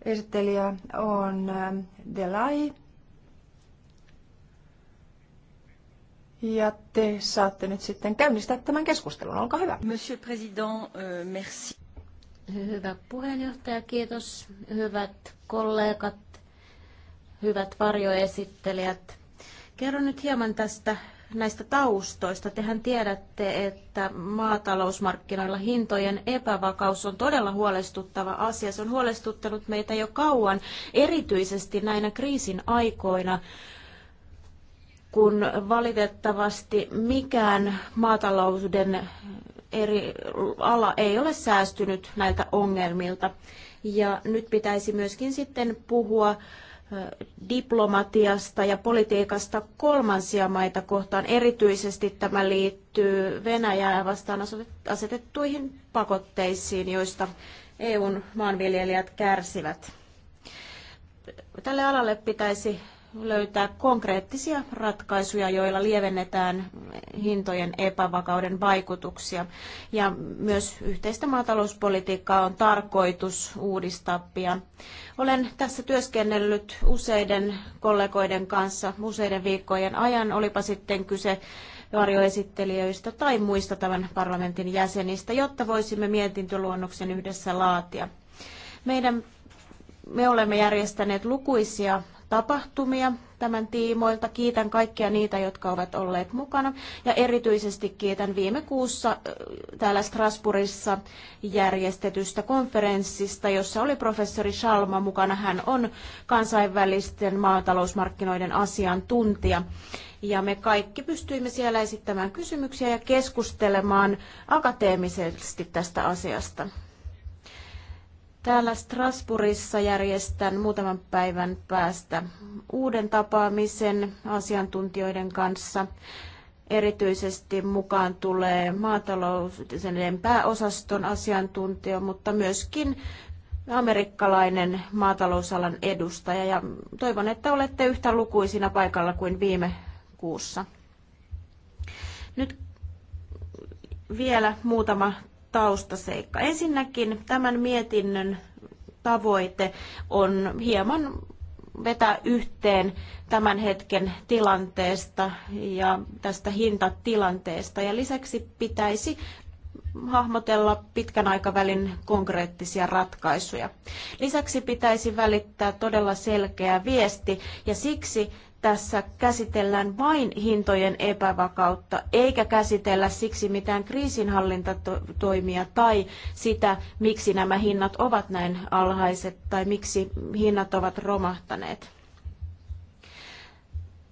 [SPEAKER 4] Esittelijä on Delay Ja te saatte nyt sitten käynnistää tämän keskustelun. Olkaa hyvä. Monsieur President,
[SPEAKER 2] euh, merci. Hyvä puheenjohtaja, kiitos. Hyvät kollegat, hyvät varjoesittelijät. Kerron nyt hieman tästä näistä taustoista. Tehän tiedätte, että maatalousmarkkinoilla hintojen epävakaus on todella huolestuttava asia. Se on huolestuttanut meitä jo kauan, erityisesti näinä kriisin aikoina kun valitettavasti mikään maatalouden eri ala ei ole säästynyt näiltä ongelmilta. Ja nyt pitäisi myöskin sitten puhua diplomatiasta ja politiikasta kolmansia maita kohtaan. Erityisesti tämä liittyy Venäjää vastaan asetettuihin pakotteisiin, joista EUn maanviljelijät kärsivät. Tälle alalle pitäisi löytää konkreettisia ratkaisuja, joilla lievennetään hintojen epävakauden vaikutuksia. Ja myös yhteistä maatalouspolitiikkaa on tarkoitus uudistaa pian. Olen tässä työskennellyt useiden kollegoiden kanssa useiden viikkojen ajan, olipa sitten kyse varjoesittelijöistä tai muista tämän parlamentin jäsenistä, jotta voisimme mietintöluonnoksen yhdessä laatia. Meidän me olemme järjestäneet lukuisia tapahtumia tämän tiimoilta. Kiitän kaikkia niitä, jotka ovat olleet mukana ja erityisesti kiitän viime kuussa äh, täällä Strasbourgissa järjestetystä konferenssista, jossa oli professori Shalma mukana. Hän on kansainvälisten maatalousmarkkinoiden asiantuntija. Ja me kaikki pystyimme siellä esittämään kysymyksiä ja keskustelemaan akateemisesti tästä asiasta. Täällä Strasbourgissa järjestän muutaman päivän päästä uuden tapaamisen asiantuntijoiden kanssa. Erityisesti mukaan tulee maatalouden pääosaston asiantuntija, mutta myöskin amerikkalainen maatalousalan edustaja. Ja toivon, että olette yhtä lukuisina paikalla kuin viime kuussa. Nyt vielä muutama taustaseikka. Ensinnäkin tämän mietinnön tavoite on hieman vetää yhteen tämän hetken tilanteesta ja tästä hintatilanteesta. Ja lisäksi pitäisi hahmotella pitkän aikavälin konkreettisia ratkaisuja. Lisäksi pitäisi välittää todella selkeä viesti ja siksi tässä käsitellään vain hintojen epävakautta, eikä käsitellä siksi mitään kriisinhallintatoimia tai sitä, miksi nämä hinnat ovat näin alhaiset tai miksi hinnat ovat romahtaneet.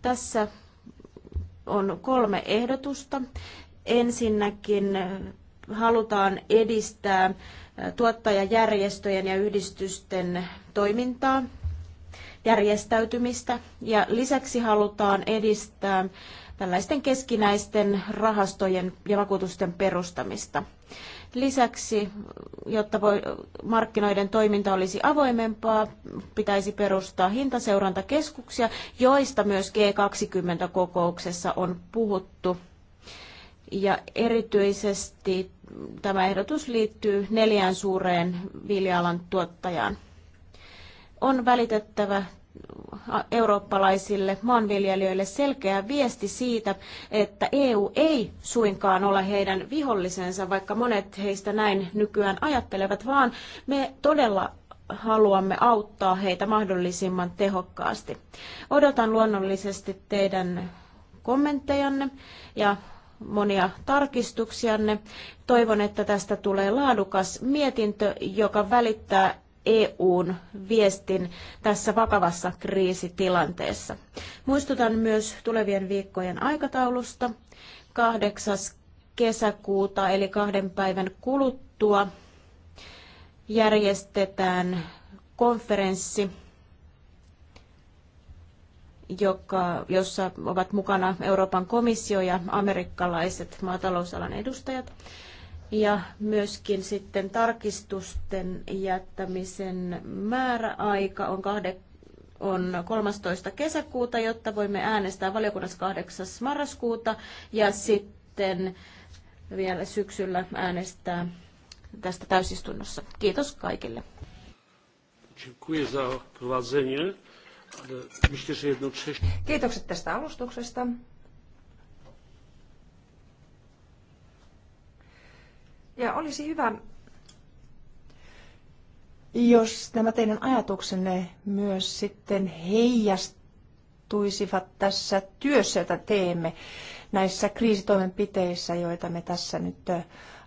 [SPEAKER 2] Tässä on kolme ehdotusta. Ensinnäkin halutaan edistää tuottajajärjestöjen ja yhdistysten toimintaa järjestäytymistä ja lisäksi halutaan edistää tällaisten keskinäisten rahastojen ja vakuutusten perustamista. Lisäksi, jotta voi, markkinoiden toiminta olisi avoimempaa, pitäisi perustaa hintaseurantakeskuksia, joista myös G20-kokouksessa on puhuttu. Ja erityisesti tämä ehdotus liittyy neljään suureen viljalan tuottajaan. On välitettävä eurooppalaisille maanviljelijöille selkeä viesti siitä, että EU ei suinkaan ole heidän vihollisensa, vaikka monet heistä näin nykyään ajattelevat, vaan me todella haluamme auttaa heitä mahdollisimman tehokkaasti. Odotan luonnollisesti teidän kommenttejanne ja monia tarkistuksianne. Toivon, että tästä tulee laadukas mietintö, joka välittää EUn viestin tässä vakavassa kriisitilanteessa. Muistutan myös tulevien viikkojen aikataulusta. 8. kesäkuuta eli kahden päivän kuluttua järjestetään konferenssi, joka, jossa ovat mukana Euroopan komissio ja amerikkalaiset maatalousalan edustajat ja myöskin sitten tarkistusten jättämisen määräaika on, kahde, on 13. kesäkuuta, jotta voimme äänestää valiokunnassa 8. marraskuuta ja sitten vielä syksyllä äänestää tästä täysistunnossa. Kiitos kaikille.
[SPEAKER 4] Kiitokset tästä alustuksesta. Ja olisi hyvä, jos nämä teidän ajatuksenne myös sitten heijastuisivat tässä työssä, jota teemme näissä kriisitoimenpiteissä, joita me tässä nyt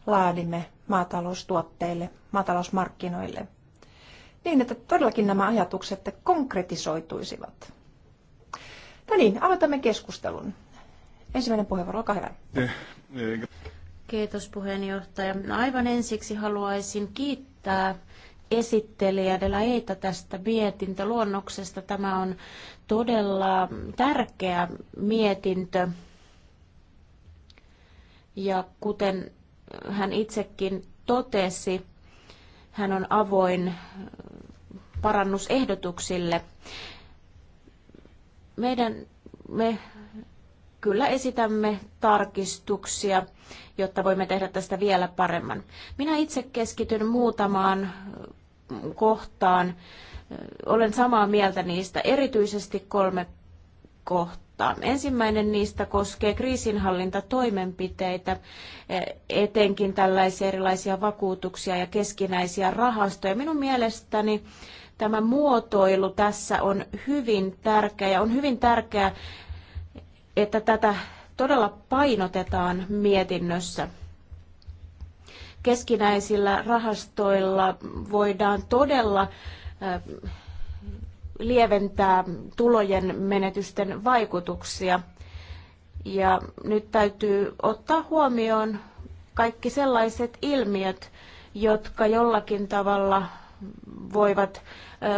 [SPEAKER 4] laadimme maataloustuotteille, maatalousmarkkinoille, niin että todellakin nämä ajatukset konkretisoituisivat. No niin, aloitamme keskustelun. Ensimmäinen puheenvuoro, olkaa hyvä. Eh, eh, Kiitos puheenjohtaja. No, aivan ensiksi
[SPEAKER 2] haluaisin kiittää esittelijä Eita tästä mietintöluonnoksesta. Tämä on todella tärkeä mietintö. Ja kuten hän itsekin totesi, hän on avoin parannusehdotuksille. Meidän me kyllä esitämme tarkistuksia, jotta voimme tehdä tästä vielä paremman. Minä itse keskityn muutamaan mm, kohtaan. Olen samaa mieltä niistä, erityisesti kolme kohtaa. Ensimmäinen niistä koskee kriisinhallintatoimenpiteitä, e, etenkin tällaisia erilaisia vakuutuksia ja keskinäisiä rahastoja. Minun mielestäni tämä muotoilu tässä on hyvin tärkeä ja on hyvin tärkeää, että tätä todella painotetaan mietinnössä. Keskinäisillä rahastoilla voidaan todella lieventää tulojen menetysten vaikutuksia. Ja nyt täytyy ottaa huomioon kaikki sellaiset ilmiöt, jotka jollakin tavalla voivat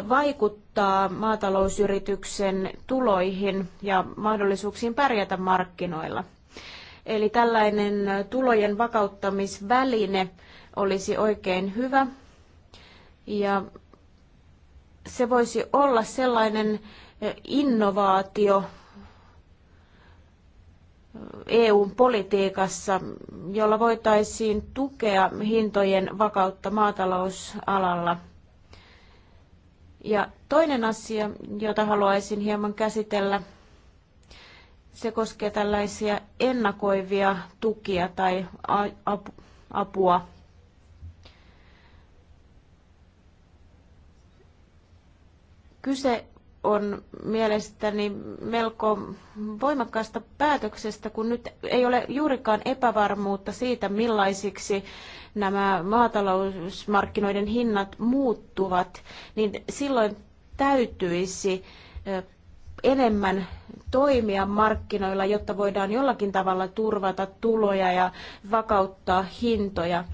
[SPEAKER 2] vaikuttaa maatalousyrityksen tuloihin ja mahdollisuuksiin pärjätä markkinoilla. Eli tällainen tulojen vakauttamisväline olisi oikein hyvä ja se voisi olla sellainen innovaatio EU-politiikassa, jolla voitaisiin tukea hintojen vakautta maatalousalalla – ja toinen asia, jota haluaisin hieman käsitellä, se koskee tällaisia ennakoivia tukia tai apua. Kyse on mielestäni melko voimakkaasta päätöksestä, kun nyt ei ole juurikaan epävarmuutta siitä, millaisiksi nämä maatalousmarkkinoiden hinnat muuttuvat, niin silloin täytyisi enemmän toimia markkinoilla, jotta voidaan jollakin tavalla turvata tuloja ja vakauttaa hintoja.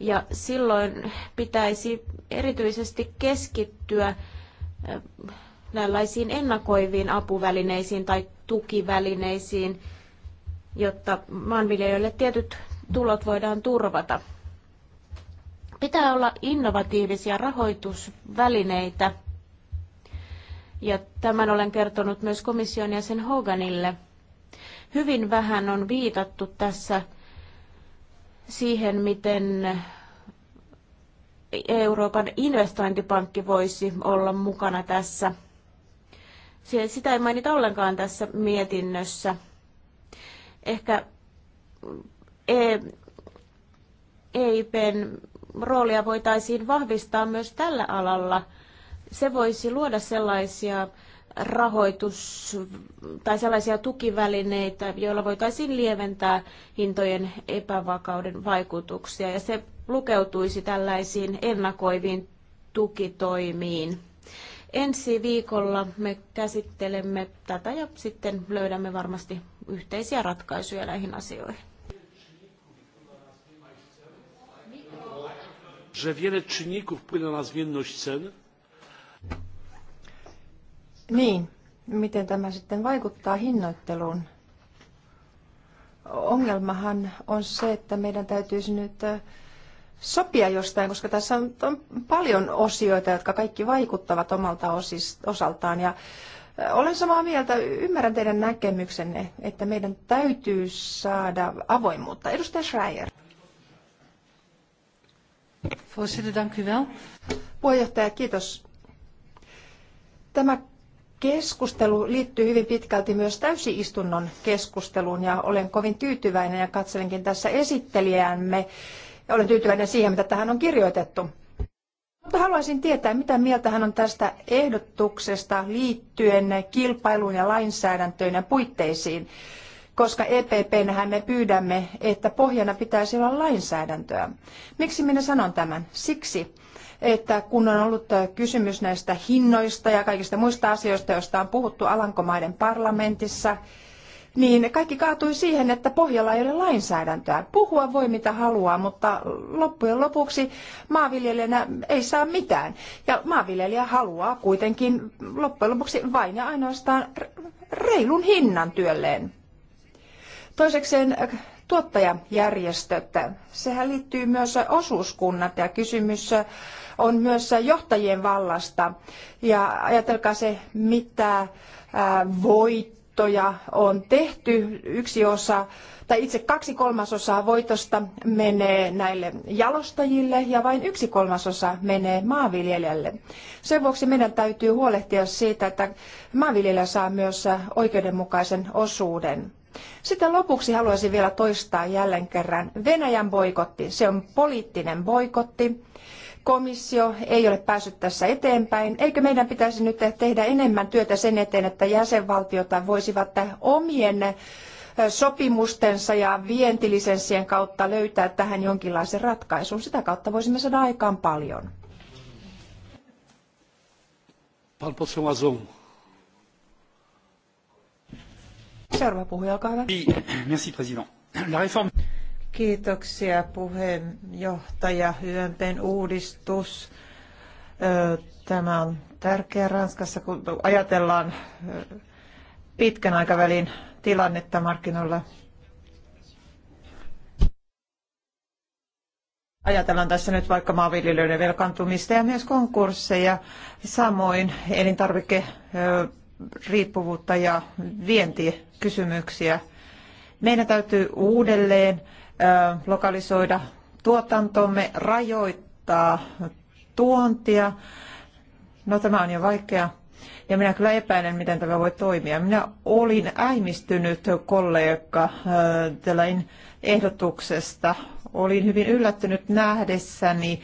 [SPEAKER 2] Ja silloin pitäisi erityisesti keskittyä tällaisiin ennakoiviin apuvälineisiin tai tukivälineisiin, jotta maanviljelijöille tietyt tulot voidaan turvata. Pitää olla innovatiivisia rahoitusvälineitä. Ja tämän olen kertonut myös komission jäsen Hoganille. Hyvin vähän on viitattu tässä siihen, miten Euroopan investointipankki voisi olla mukana tässä. Sitä ei mainita ollenkaan tässä mietinnössä. Ehkä EIPn e roolia voitaisiin vahvistaa myös tällä alalla. Se voisi luoda sellaisia rahoitus- tai sellaisia tukivälineitä, joilla voitaisiin lieventää hintojen epävakauden vaikutuksia, ja se lukeutuisi tällaisiin ennakoiviin tukitoimiin. Ensi viikolla me käsittelemme tätä ja sitten löydämme varmasti yhteisiä
[SPEAKER 1] ratkaisuja näihin asioihin. że wiele czynników wpływa na zmienność cen?
[SPEAKER 4] Niin, miten tämä sitten vaikuttaa hinnoitteluun? Ongelmahan on se, että meidän täytyisi nyt sopia jostain, koska tässä on, on paljon osioita, jotka kaikki vaikuttavat omalta osis, osaltaan. Ja olen samaa mieltä, ymmärrän teidän näkemyksenne, että meidän täytyy saada avoimuutta. Edustaja Schreier. Voorzitter, dank u wel. Puheenjohtaja, kiitos. Tämä keskustelu liittyy hyvin pitkälti myös täysiistunnon keskusteluun ja olen kovin tyytyväinen ja katselenkin tässä esittelijäämme ja olen tyytyväinen siihen, mitä tähän on kirjoitettu. Mutta haluaisin tietää, mitä mieltä hän on tästä ehdotuksesta liittyen kilpailuun ja lainsäädäntöön ja puitteisiin koska EPP-nähän me pyydämme, että pohjana pitäisi olla lainsäädäntöä. Miksi minä sanon tämän? Siksi, että kun on ollut kysymys näistä hinnoista ja kaikista muista asioista, joista on puhuttu Alankomaiden parlamentissa, niin kaikki kaatui siihen, että pohjalla ei ole lainsäädäntöä. Puhua voi mitä haluaa, mutta loppujen lopuksi maanviljelijänä ei saa mitään. Ja maanviljelijä haluaa kuitenkin loppujen lopuksi vain ja ainoastaan reilun hinnan työlleen. Toisekseen äh, tuottajajärjestöt. Sehän liittyy myös osuuskunnat ja kysymys äh, on myös äh, johtajien vallasta. Ja ajatelkaa se, mitä voittoja on tehty. Yksi osa tai itse kaksi kolmasosaa voitosta menee näille jalostajille ja vain yksi kolmasosa menee maanviljelijälle. Sen vuoksi meidän täytyy huolehtia siitä, että maanviljelijä saa myös oikeudenmukaisen osuuden. Sitten lopuksi haluaisin vielä toistaa jälleen kerran. Venäjän boikotti, se on poliittinen boikotti. Komissio ei ole päässyt tässä eteenpäin, eikö meidän pitäisi nyt tehdä enemmän työtä sen eteen, että jäsenvaltiota voisivat omien sopimustensa ja vientilisenssien kautta löytää tähän jonkinlaisen ratkaisun. Sitä kautta voisimme saada aikaan paljon.
[SPEAKER 1] Pan poseł
[SPEAKER 3] Seuraava puhuja, olkaa hyvä. Merci, president. La réforme... Kiitoksia puheenjohtaja. YMPn uudistus. Tämä on tärkeä Ranskassa, kun ajatellaan pitkän aikavälin tilannetta markkinoilla. Ajatellaan tässä nyt vaikka maanviljelijöiden velkaantumista ja myös konkursseja, samoin elintarvike riippuvuutta ja vientikysymyksiä. Meidän täytyy uudelleen lokalisoida tuotantomme, rajoittaa tuontia. No tämä on jo vaikea. Ja minä kyllä epäilen, miten tämä voi toimia. Minä olin äimistynyt kollega Delain ehdotuksesta. Olin hyvin yllättynyt nähdessäni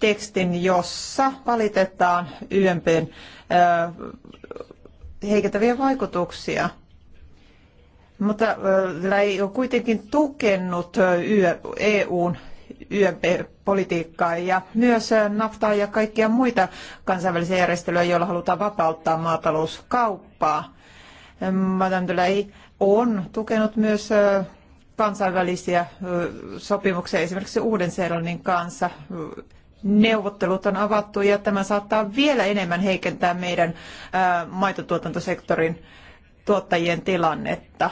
[SPEAKER 3] tekstin, jossa valitetaan YMPn heikentäviä vaikutuksia. Mutta ei ole kuitenkin tukenut EUn YMP-politiikkaa ja myös naftaa ja kaikkia muita kansainvälisiä järjestelyjä, joilla halutaan vapauttaa maatalouskauppaa. Madame de Lai on tukenut myös kansainvälisiä sopimuksia esimerkiksi Uuden-Seelannin kanssa neuvottelut on avattu ja tämä saattaa vielä enemmän heikentää meidän maitotuotantosektorin tuottajien tilannetta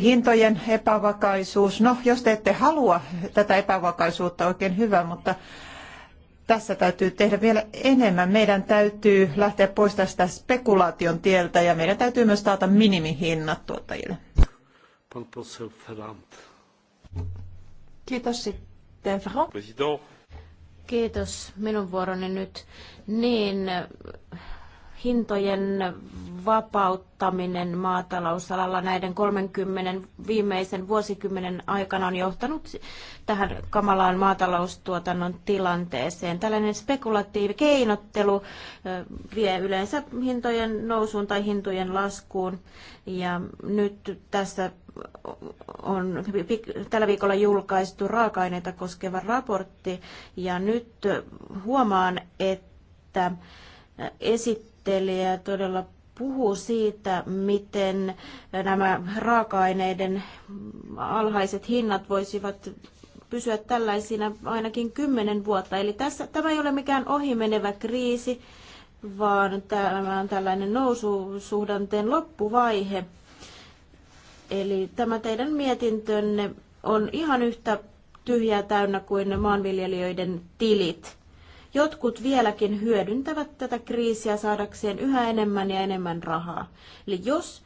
[SPEAKER 3] hintojen epävakaisuus. No, jos te ette halua tätä epävakaisuutta, oikein hyvä, mutta tässä täytyy tehdä vielä enemmän. Meidän täytyy lähteä pois tästä spekulaation tieltä ja meidän täytyy myös taata minimihinnat tuottajille. Kiitos sitten.
[SPEAKER 2] Kiitos minun vuoroni nyt. Niin, hintojen vapauttaminen maatalousalalla näiden 30 viimeisen vuosikymmenen aikana on johtanut tähän kamalaan maataloustuotannon tilanteeseen. Tällainen spekulatiivi keinottelu vie yleensä hintojen nousuun tai hintojen laskuun. Ja nyt tässä on tällä viikolla julkaistu raaka-aineita koskeva raportti ja nyt huomaan, että esittää esittelijä todella puhuu siitä, miten nämä raaka-aineiden alhaiset hinnat voisivat pysyä tällaisina ainakin kymmenen vuotta. Eli tässä, tämä ei ole mikään ohimenevä kriisi, vaan tämä on tällainen noususuhdanteen loppuvaihe. Eli tämä teidän mietintönne on ihan yhtä tyhjää täynnä kuin maanviljelijöiden tilit. Jotkut vieläkin hyödyntävät tätä kriisiä saadakseen yhä enemmän ja enemmän rahaa. Eli jos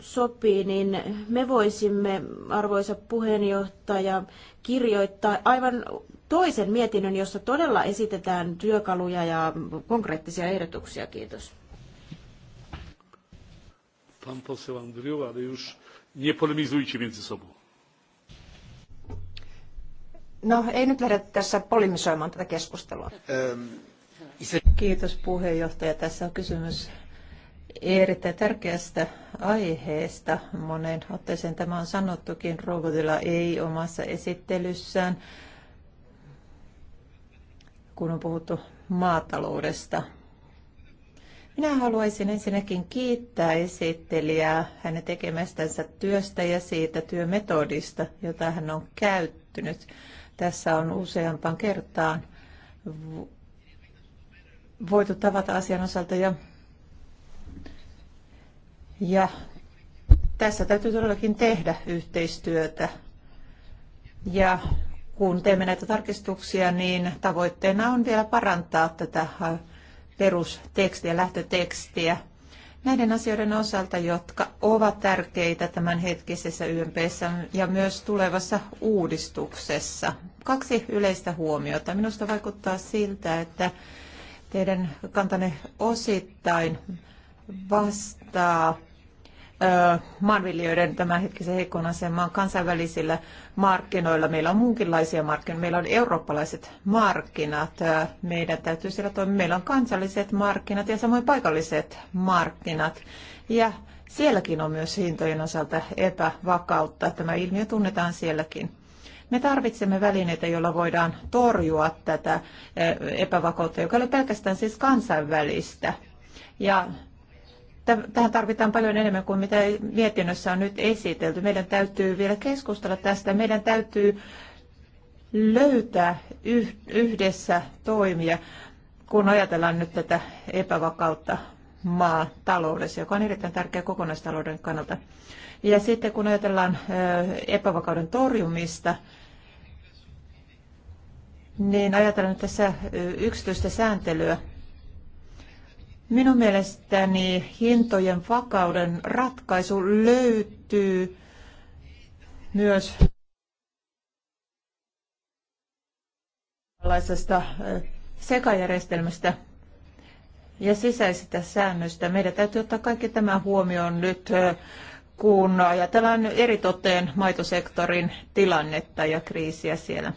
[SPEAKER 2] sopii, niin me voisimme, arvoisa puheenjohtaja, kirjoittaa aivan toisen mietinnön, jossa todella esitetään työkaluja ja konkreettisia
[SPEAKER 1] ehdotuksia. Kiitos. Pan poseł Andriu, ale już nie polemizujcie między sobą.
[SPEAKER 4] No ei nyt lähdetä tässä polemisoimaan tätä keskustelua. Ähm, er- Kiitos
[SPEAKER 3] puheenjohtaja. Tässä on kysymys erittäin tärkeästä aiheesta. Monen otteeseen tämä on sanottukin. Robotilla ei omassa esittelyssään, kun on puhuttu maataloudesta. Minä haluaisin ensinnäkin kiittää esittelijää hänen tekemästänsä työstä ja siitä työmetodista, jota hän on käyttänyt. Tässä on useampaan kertaan voitu tavata asian osalta ja, ja tässä täytyy todellakin tehdä yhteistyötä. Ja kun teemme näitä tarkistuksia, niin tavoitteena on vielä parantaa tätä äh, perustekstiä, lähtötekstiä näiden asioiden osalta, jotka ovat tärkeitä tämänhetkisessä YMPssä ja myös tulevassa uudistuksessa. Kaksi yleistä huomiota. Minusta vaikuttaa siltä, että teidän kantanne osittain vastaa maanviljelijöiden tämänhetkisen heikon asemaan kansainvälisillä markkinoilla. Meillä on muunkinlaisia markkinoita. Meillä on eurooppalaiset markkinat. Meidän täytyy siellä toimia. Meillä on kansalliset markkinat ja samoin paikalliset markkinat. Ja sielläkin on myös hintojen osalta epävakautta. Tämä ilmiö tunnetaan sielläkin. Me tarvitsemme välineitä, joilla voidaan torjua tätä epävakautta, joka ei ole pelkästään siis kansainvälistä. Ja Tähän tarvitaan paljon enemmän kuin mitä mietinnössä on nyt esitelty. Meidän täytyy vielä keskustella tästä. Meidän täytyy löytää yhdessä toimia, kun ajatellaan nyt tätä epävakautta maa taloudessa, joka on erittäin tärkeä kokonaistalouden kannalta. Ja sitten kun ajatellaan epävakauden torjumista, niin ajatellaan tässä yksityistä sääntelyä Minun mielestäni hintojen vakauden ratkaisu löytyy myös tällaisesta sekajärjestelmästä ja sisäisistä säännöistä. Meidän täytyy ottaa kaikki tämä huomioon nyt, kun ajatellaan eritoteen maitosektorin tilannetta ja kriisiä siellä.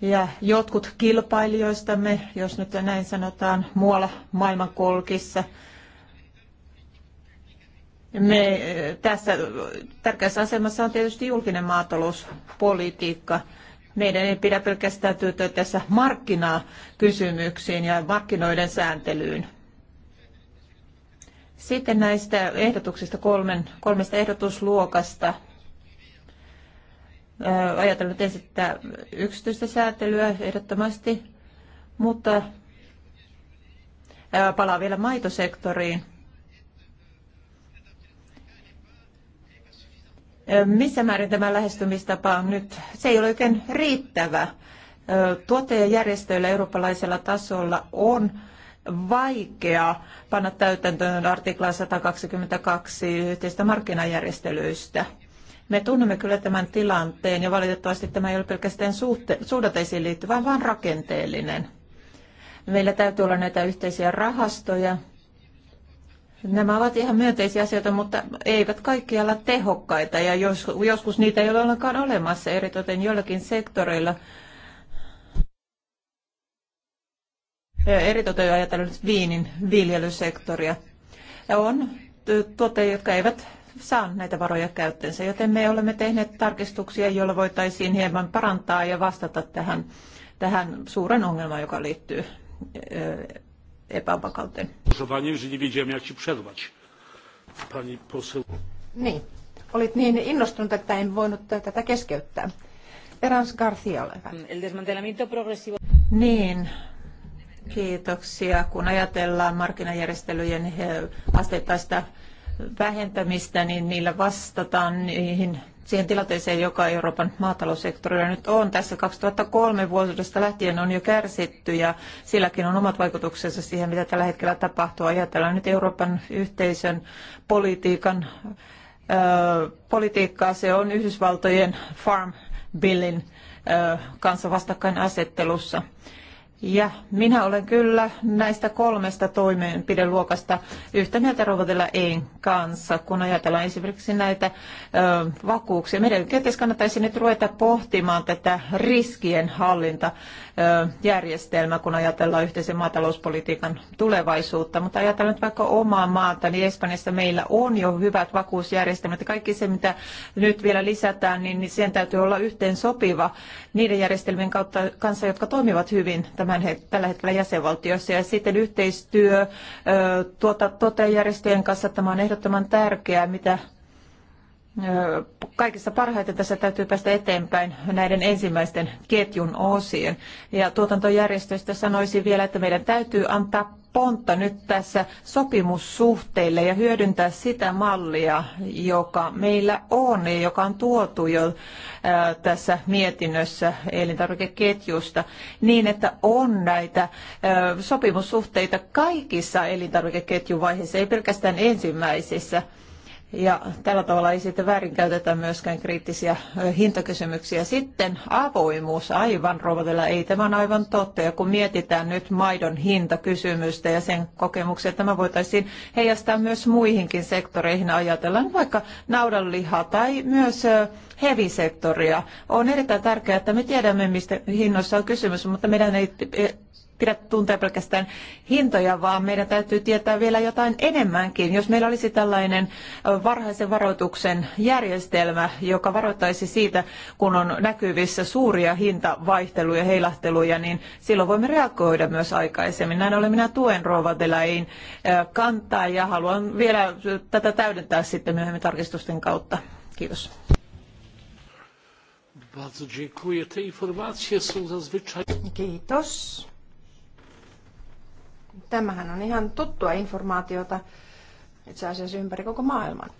[SPEAKER 3] Ja jotkut kilpailijoistamme, jos nyt näin sanotaan, muualla maailmankolkissa, me tässä tärkeässä asemassa on tietysti julkinen maatalouspolitiikka. Meidän ei pidä pelkästään tyytyä tässä markkinakysymyksiin ja markkinoiden sääntelyyn. Sitten näistä ehdotuksista kolmen, kolmesta ehdotusluokasta – ajatellut esittää yksityistä säätelyä ehdottomasti, mutta palaa vielä maitosektoriin. Missä määrin tämä lähestymistapa on nyt? Se ei ole oikein riittävä. Tuottajajärjestöillä eurooppalaisella tasolla on vaikea panna täytäntöön artikla 122 yhteistä markkinajärjestelyistä. Me tunnemme kyllä tämän tilanteen ja valitettavasti tämä ei ole pelkästään suhte- suhdateisiin liittyvä, vaan rakenteellinen. Meillä täytyy olla näitä yhteisiä rahastoja. Nämä ovat ihan myönteisiä asioita, mutta eivät kaikkialla tehokkaita ja jos, joskus niitä ei ole ollenkaan olemassa, eritoten joillakin sektoreilla. Eritoten ajatellut viinin viljelysektoria. Ja on tuotteita, jotka eivät saa näitä varoja käyttöönsä, joten me olemme tehneet tarkistuksia, joilla voitaisiin hieman parantaa ja vastata tähän, tähän suuren ongelmaan, joka liittyy epävakauteen.
[SPEAKER 4] Niin, olit niin innostunut, että en voinut tätä keskeyttää. Erans Garcia, ole hyvä.
[SPEAKER 3] Niin, kiitoksia. Kun ajatellaan markkinajärjestelyjen asteittaista vähentämistä, niin niillä vastataan niihin siihen tilanteeseen, joka Euroopan maataloussektorilla nyt on. Tässä 2003 vuodesta lähtien on jo kärsitty ja silläkin on omat vaikutuksensa siihen, mitä tällä hetkellä tapahtuu. Ajatellaan nyt Euroopan yhteisön politiikan, ö, politiikkaa. Se on Yhdysvaltojen Farm Billin ö, kanssa vastakkainasettelussa. asettelussa. Ja minä olen kyllä näistä kolmesta toimenpideluokasta yhtä mieltä Rovatella EIN kanssa, kun ajatellaan esimerkiksi näitä ö, vakuuksia. Meidän kenties kannattaisi nyt ruveta pohtimaan tätä riskien hallintajärjestelmää, kun ajatellaan yhteisen maatalouspolitiikan tulevaisuutta. Mutta ajatellaan nyt vaikka omaa maata, niin Espanjassa meillä on jo hyvät vakuusjärjestelmät. Kaikki se, mitä nyt vielä lisätään, niin sen täytyy olla yhteen sopiva niiden järjestelmien kautta, kanssa, jotka toimivat hyvin tämän het- tällä hetkellä jäsenvaltioissa. Ja sitten yhteistyö tuota, tuottajajärjestöjen kanssa tämä on ehdottoman tärkeää, mitä kaikista parhaiten tässä täytyy päästä eteenpäin näiden ensimmäisten ketjun osien. Ja tuotantojärjestöistä sanoisin vielä, että meidän täytyy antaa pontta nyt tässä sopimussuhteille ja hyödyntää sitä mallia, joka meillä on ja joka on tuotu jo tässä mietinnössä elintarvikeketjusta, niin että on näitä sopimussuhteita kaikissa elintarvikeketjuvaiheissa, ei pelkästään ensimmäisissä. Ja tällä tavalla ei sitten väärinkäytetä myöskään kriittisiä hintakysymyksiä. Sitten avoimuus, aivan Rovotella, ei tämä on aivan totta. Ja kun mietitään nyt maidon hintakysymystä ja sen kokemuksia, tämä voitaisiin heijastaa myös muihinkin sektoreihin. Ajatellaan vaikka naudanlihaa tai myös hevisektoria. On erittäin tärkeää, että me tiedämme, mistä hinnoissa on kysymys, mutta meidän ei pidä tuntea pelkästään hintoja, vaan meidän täytyy tietää vielä jotain enemmänkin. Jos meillä olisi tällainen varhaisen varoituksen järjestelmä, joka varoittaisi siitä, kun on näkyvissä suuria hintavaihteluja, heilahteluja, niin silloin voimme reagoida myös aikaisemmin. Näin ollen minä tuen Rovadelain kantaa ja haluan vielä tätä täydentää sitten myöhemmin tarkistusten kautta. Kiitos.
[SPEAKER 1] Kiitos.
[SPEAKER 4] Tämähän on ihan tuttua informaatiota itse asiassa ympäri koko maailman.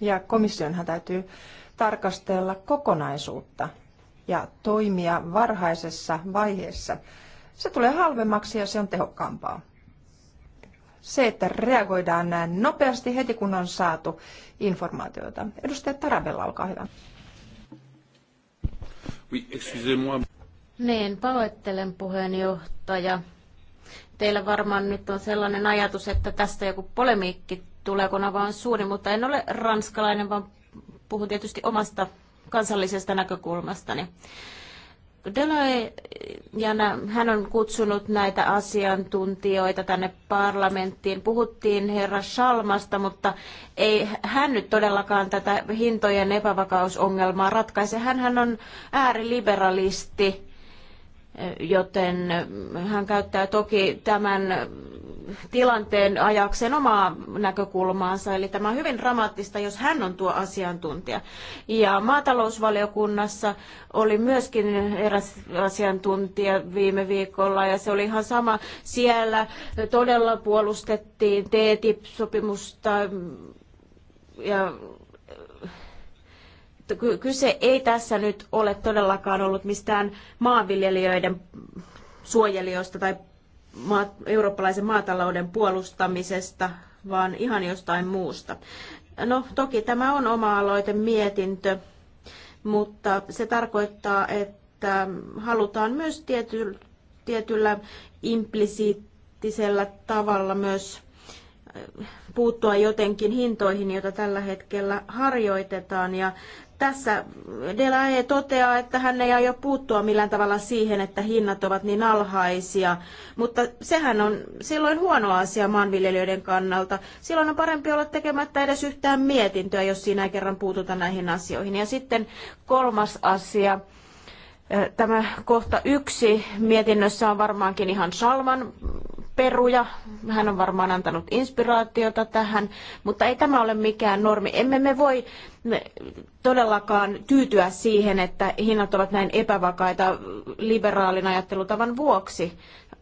[SPEAKER 4] Ja komissionhan täytyy tarkastella kokonaisuutta ja toimia varhaisessa vaiheessa. Se tulee halvemmaksi ja se on tehokkaampaa. Se, että reagoidaan näin nopeasti heti, kun on saatu informaatiota. Edustaja Tarabella, olkaa hyvä. Oui, Niin, pahoittelen puheenjohtaja.
[SPEAKER 2] Teillä varmaan nyt on sellainen ajatus, että tästä joku polemiikki tulee, kun on suuri, mutta en ole ranskalainen, vaan puhun tietysti omasta kansallisesta näkökulmastani. Deloe, hän on kutsunut näitä asiantuntijoita tänne parlamenttiin. Puhuttiin herra Salmasta, mutta ei hän nyt todellakaan tätä hintojen epävakausongelmaa ratkaise. Hän, hän on ääriliberalisti joten hän käyttää toki tämän tilanteen ajakseen omaa näkökulmaansa. Eli tämä on hyvin dramaattista, jos hän on tuo asiantuntija. Ja maatalousvaliokunnassa oli myöskin eräs asiantuntija viime viikolla, ja se oli ihan sama. Siellä todella puolustettiin TTIP-sopimusta ja kyse ei tässä nyt ole todellakaan ollut mistään maanviljelijöiden suojelijoista tai maa, eurooppalaisen maatalouden puolustamisesta, vaan ihan jostain muusta. No toki tämä on oma-aloite mietintö, mutta se tarkoittaa, että halutaan myös tiety, tietyllä implisiittisellä tavalla myös äh, puuttua jotenkin hintoihin, joita tällä hetkellä harjoitetaan. Ja tässä Delae toteaa, että hän ei aio puuttua millään tavalla siihen, että hinnat ovat niin alhaisia, mutta sehän on silloin huono asia maanviljelijöiden kannalta. Silloin on parempi olla tekemättä edes yhtään mietintöä, jos siinä ei kerran puututa näihin asioihin. Ja sitten kolmas asia Tämä kohta yksi mietinnössä on varmaankin ihan Salman peruja. Hän on varmaan antanut inspiraatiota tähän, mutta ei tämä ole mikään normi. Emme me voi todellakaan tyytyä siihen, että hinnat ovat näin epävakaita liberaalin ajattelutavan vuoksi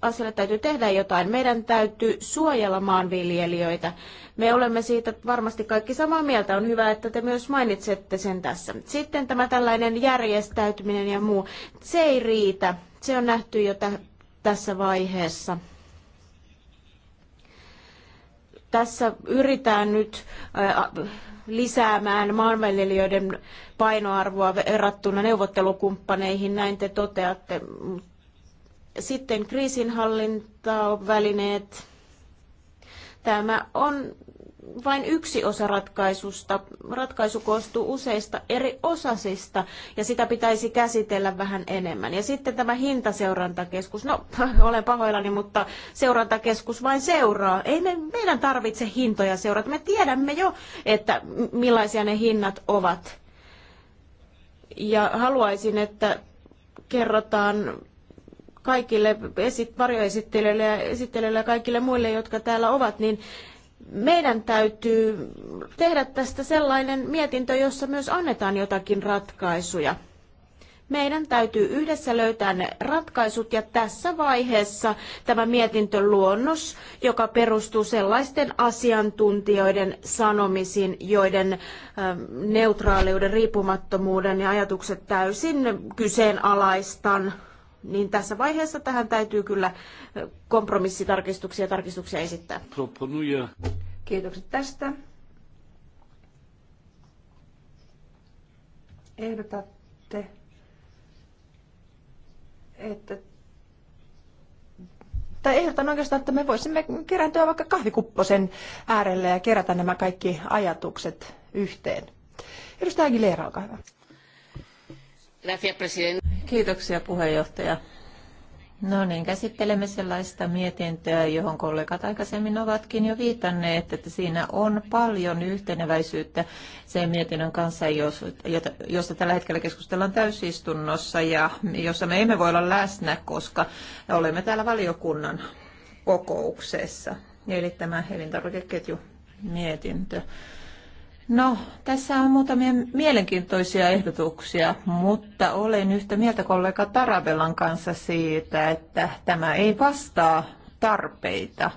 [SPEAKER 2] asialle täytyy tehdä jotain. Meidän täytyy suojella maanviljelijöitä. Me olemme siitä varmasti kaikki samaa mieltä. On hyvä, että te myös mainitsette sen tässä. Sitten tämä tällainen järjestäytyminen ja muu. Se ei riitä. Se on nähty jo tässä vaiheessa tässä yritetään nyt lisäämään maanviljelijöiden painoarvoa verrattuna neuvottelukumppaneihin, näin te toteatte. Sitten kriisinhallintavälineet. Tämä on vain yksi osa ratkaisusta. Ratkaisu koostuu useista eri osasista ja sitä pitäisi käsitellä vähän enemmän. Ja sitten tämä hintaseurantakeskus. No, olen pahoillani, mutta seurantakeskus vain seuraa. Ei me, meidän tarvitse hintoja seurata. Me tiedämme jo, että millaisia ne hinnat ovat. Ja haluaisin, että kerrotaan kaikille esit, varjoesittelijöille ja esittelijöille ja kaikille muille, jotka täällä ovat, niin meidän täytyy tehdä tästä sellainen mietintö, jossa myös annetaan jotakin ratkaisuja. Meidän täytyy yhdessä löytää ne ratkaisut ja tässä vaiheessa tämä mietintöluonnos, joka perustuu sellaisten asiantuntijoiden sanomisiin, joiden ähm, neutraaliuden, riippumattomuuden ja ajatukset täysin kyseenalaistan – niin tässä vaiheessa tähän täytyy kyllä kompromissitarkistuksia ja tarkistuksia esittää.
[SPEAKER 1] Proponuja.
[SPEAKER 2] Kiitokset tästä.
[SPEAKER 4] Ehdotatte, että tai ehdotan oikeastaan, että me voisimme kerääntyä vaikka kahvikupposen äärelle ja kerätä nämä kaikki ajatukset yhteen. Edustaja Aguilera, olkaa hyvä.
[SPEAKER 3] Kiitoksia puheenjohtaja. No niin, käsittelemme sellaista mietintöä, johon kollegat aikaisemmin ovatkin jo viitanneet, että siinä on paljon yhteneväisyyttä sen mietinnön kanssa, josta tällä hetkellä keskustellaan täysistunnossa ja jossa me emme voi olla läsnä, koska olemme täällä valiokunnan kokouksessa. Eli tämä elintarvikeketju mietintö. No, tässä on muutamia mielenkiintoisia ehdotuksia, mutta olen yhtä mieltä kollega Tarabellan kanssa siitä, että tämä ei vastaa tarpeita.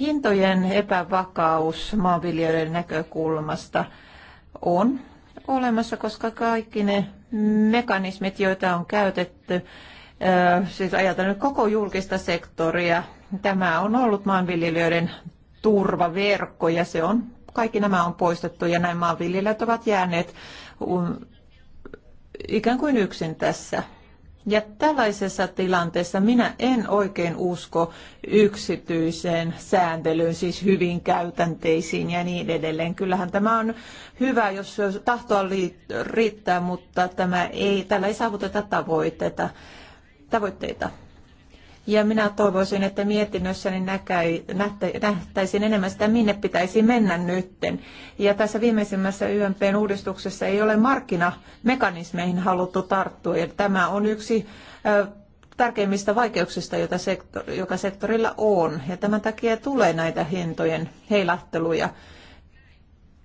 [SPEAKER 3] Hintojen epävakaus maanviljelijöiden näkökulmasta on olemassa, koska kaikki ne mekanismit, joita on käytetty, siis ajatellen koko julkista sektoria, tämä on ollut maanviljelijöiden turvaverkko ja se on kaikki nämä on poistettu ja näin maanviljelijät ovat jääneet ikään kuin yksin tässä. Ja tällaisessa tilanteessa minä en oikein usko yksityiseen sääntelyyn, siis hyvin käytänteisiin ja niin edelleen. Kyllähän tämä on hyvä, jos tahtoa riittää, mutta tämä ei, tällä ei saavuteta tavoitteita. tavoitteita. Ja minä toivoisin, että mietinnössäni näkäi, nähtä, nähtäisin enemmän sitä, minne pitäisi mennä nytten. Ja tässä viimeisimmässä YMPn uudistuksessa ei ole markkinamekanismeihin haluttu tarttua. Ja tämä on yksi ö, tärkeimmistä vaikeuksista, jota sektor, joka sektorilla on. Ja tämän takia tulee näitä hintojen heilahteluja.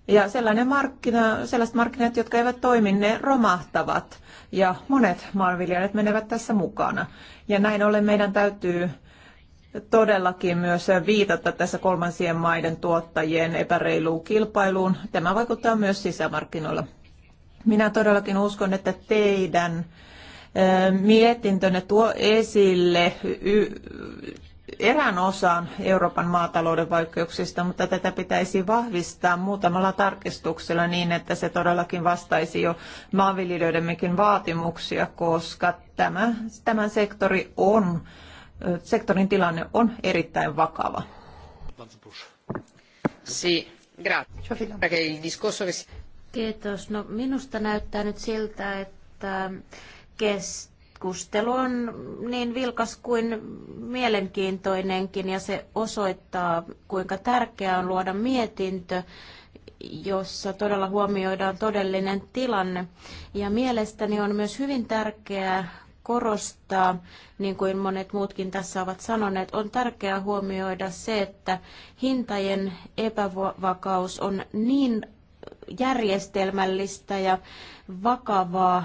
[SPEAKER 3] Ja sellainen markkina, sellaiset markkinat, jotka eivät toimi, ne romahtavat. Ja monet maanviljelijät menevät tässä mukana. Ja näin ollen meidän täytyy todellakin myös viitata tässä kolmansien maiden tuottajien epäreiluun kilpailuun. Tämä vaikuttaa myös sisämarkkinoilla. Minä todellakin uskon, että teidän eh, mietintönne tuo esille erään osan Euroopan maatalouden vaikeuksista, mutta tätä pitäisi vahvistaa muutamalla tarkistuksella niin, että se todellakin vastaisi jo maanviljelijöidemmekin vaatimuksia, koska tämä, tämän sektori on, sektorin tilanne on erittäin vakava. Kiitos. No, minusta näyttää nyt siltä,
[SPEAKER 2] että kes keskustelu on niin vilkas kuin mielenkiintoinenkin ja se osoittaa, kuinka tärkeää on luoda mietintö, jossa todella huomioidaan todellinen tilanne. Ja mielestäni on myös hyvin tärkeää korostaa, niin kuin monet muutkin tässä ovat sanoneet, on tärkeää huomioida se, että hintajen epävakaus on niin järjestelmällistä ja vakavaa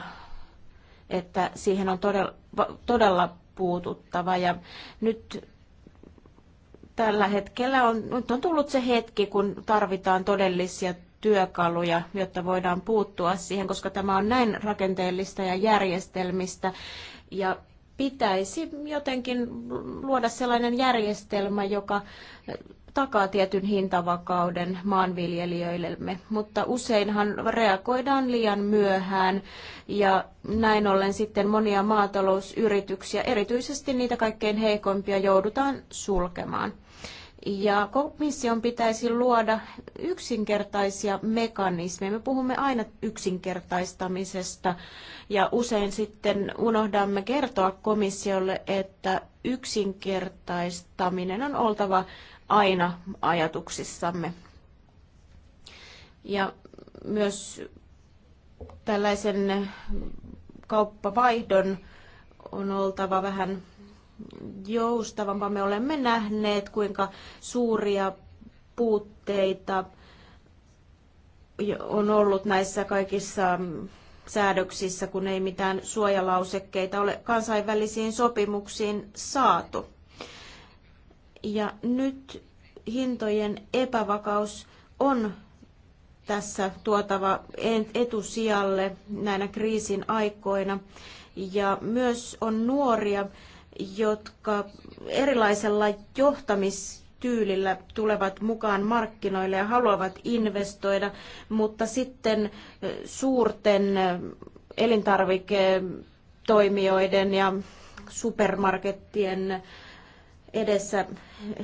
[SPEAKER 2] että siihen on todella, todella puututtava. Ja nyt tällä hetkellä on, nyt on tullut se hetki, kun tarvitaan todellisia työkaluja, jotta voidaan puuttua siihen, koska tämä on näin rakenteellista ja järjestelmistä. Ja pitäisi jotenkin luoda sellainen järjestelmä, joka takaa tietyn hintavakauden maanviljelijöillemme, mutta useinhan reagoidaan liian myöhään ja näin ollen sitten monia maatalousyrityksiä, erityisesti niitä kaikkein heikoimpia, joudutaan sulkemaan. Ja komission pitäisi luoda yksinkertaisia mekanismeja. Me puhumme aina yksinkertaistamisesta ja usein sitten unohdamme kertoa komissiolle, että yksinkertaistaminen on oltava aina ajatuksissamme. Ja myös tällaisen kauppavaihdon on oltava vähän joustavampaa. Me olemme nähneet, kuinka suuria puutteita on ollut näissä kaikissa säädöksissä, kun ei mitään suojalausekkeita ole kansainvälisiin sopimuksiin saatu. Ja nyt hintojen epävakaus on tässä tuotava etusijalle näinä kriisin aikoina. Ja myös on nuoria, jotka erilaisella johtamistyylillä tulevat mukaan markkinoille ja haluavat investoida, mutta sitten suurten elintarviketoimijoiden ja supermarkettien edessä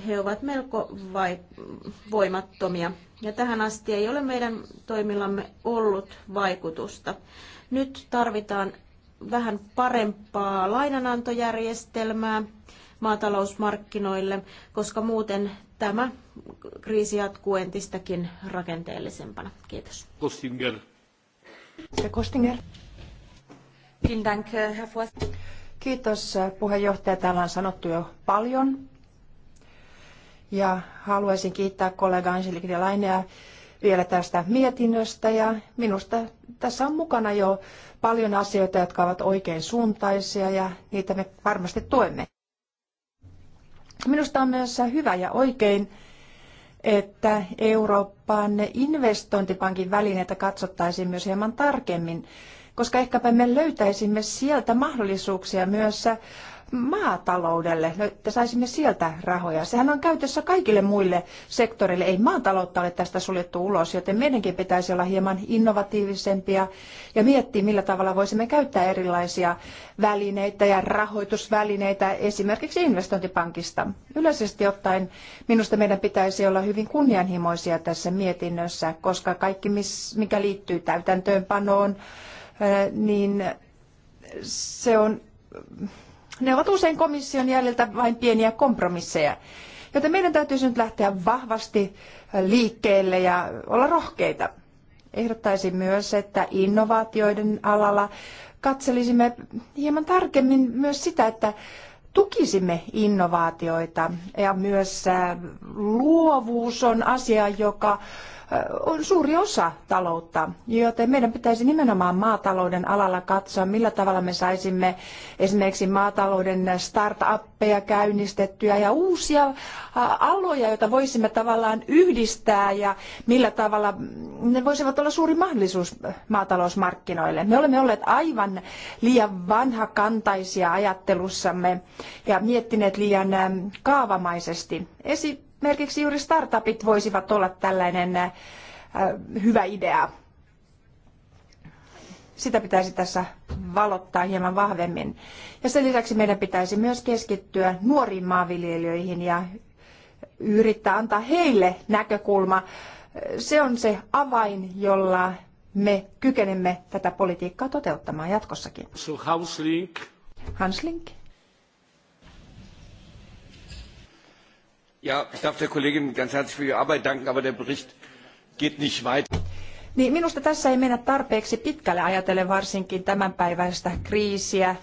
[SPEAKER 2] he ovat melko vai, voimattomia. Ja tähän asti ei ole meidän toimillamme ollut vaikutusta. Nyt tarvitaan vähän parempaa lainanantojärjestelmää maatalousmarkkinoille, koska muuten tämä kriisi jatkuu entistäkin
[SPEAKER 4] rakenteellisempana. Kiitos. Kostinger. Kostinger. Vielen Dank, Herr Kiitos äh, puheenjohtaja. Täällä on sanottu jo paljon. Ja haluaisin kiittää kollega Angelique Lainea vielä tästä mietinnöstä ja minusta tässä on mukana jo paljon asioita, jotka ovat oikein suuntaisia ja niitä me varmasti tuemme. Minusta on myös hyvä ja oikein, että Euroopan investointipankin välineitä katsottaisiin myös hieman tarkemmin koska ehkäpä me löytäisimme sieltä mahdollisuuksia myös maataloudelle, että saisimme sieltä rahoja. Sehän on käytössä kaikille muille sektoreille. Ei maataloutta ole tästä suljettu ulos, joten meidänkin pitäisi olla hieman innovatiivisempia ja miettiä, millä tavalla voisimme käyttää erilaisia välineitä ja rahoitusvälineitä esimerkiksi investointipankista. Yleisesti ottaen minusta meidän pitäisi olla hyvin kunnianhimoisia tässä mietinnössä, koska kaikki, mikä liittyy täytäntöönpanoon, niin se on, ne ovat usein komission jäljiltä vain pieniä kompromisseja. Joten meidän täytyisi nyt lähteä vahvasti liikkeelle ja olla rohkeita. Ehdottaisin myös, että innovaatioiden alalla katselisimme hieman tarkemmin myös sitä, että tukisimme innovaatioita ja myös luovuus on asia, joka on suuri osa taloutta, joten meidän pitäisi nimenomaan maatalouden alalla katsoa, millä tavalla me saisimme esimerkiksi maatalouden startuppeja käynnistettyä ja uusia aloja, joita voisimme tavallaan yhdistää ja millä tavalla ne voisivat olla suuri mahdollisuus maatalousmarkkinoille. Me olemme olleet aivan liian vanhakantaisia ajattelussamme ja miettineet liian kaavamaisesti. Esi- Esimerkiksi juuri startupit voisivat olla tällainen äh, hyvä idea. Sitä pitäisi tässä valottaa hieman vahvemmin. Ja sen lisäksi meidän pitäisi myös keskittyä nuoriin maanviljelijöihin ja yrittää antaa heille näkökulma. Se on se avain, jolla me kykenemme tätä politiikkaa toteuttamaan jatkossakin. So Hanslink. Hanslink.
[SPEAKER 1] ich darf der Kollegin ganz herzlich für ihre Arbeit danken, aber der Bericht geht nicht weit.
[SPEAKER 4] Niin minusta tässä ei mennä tarpeeksi pitkälle ajatellen varsinkin tämänpäiväistä kriisiä,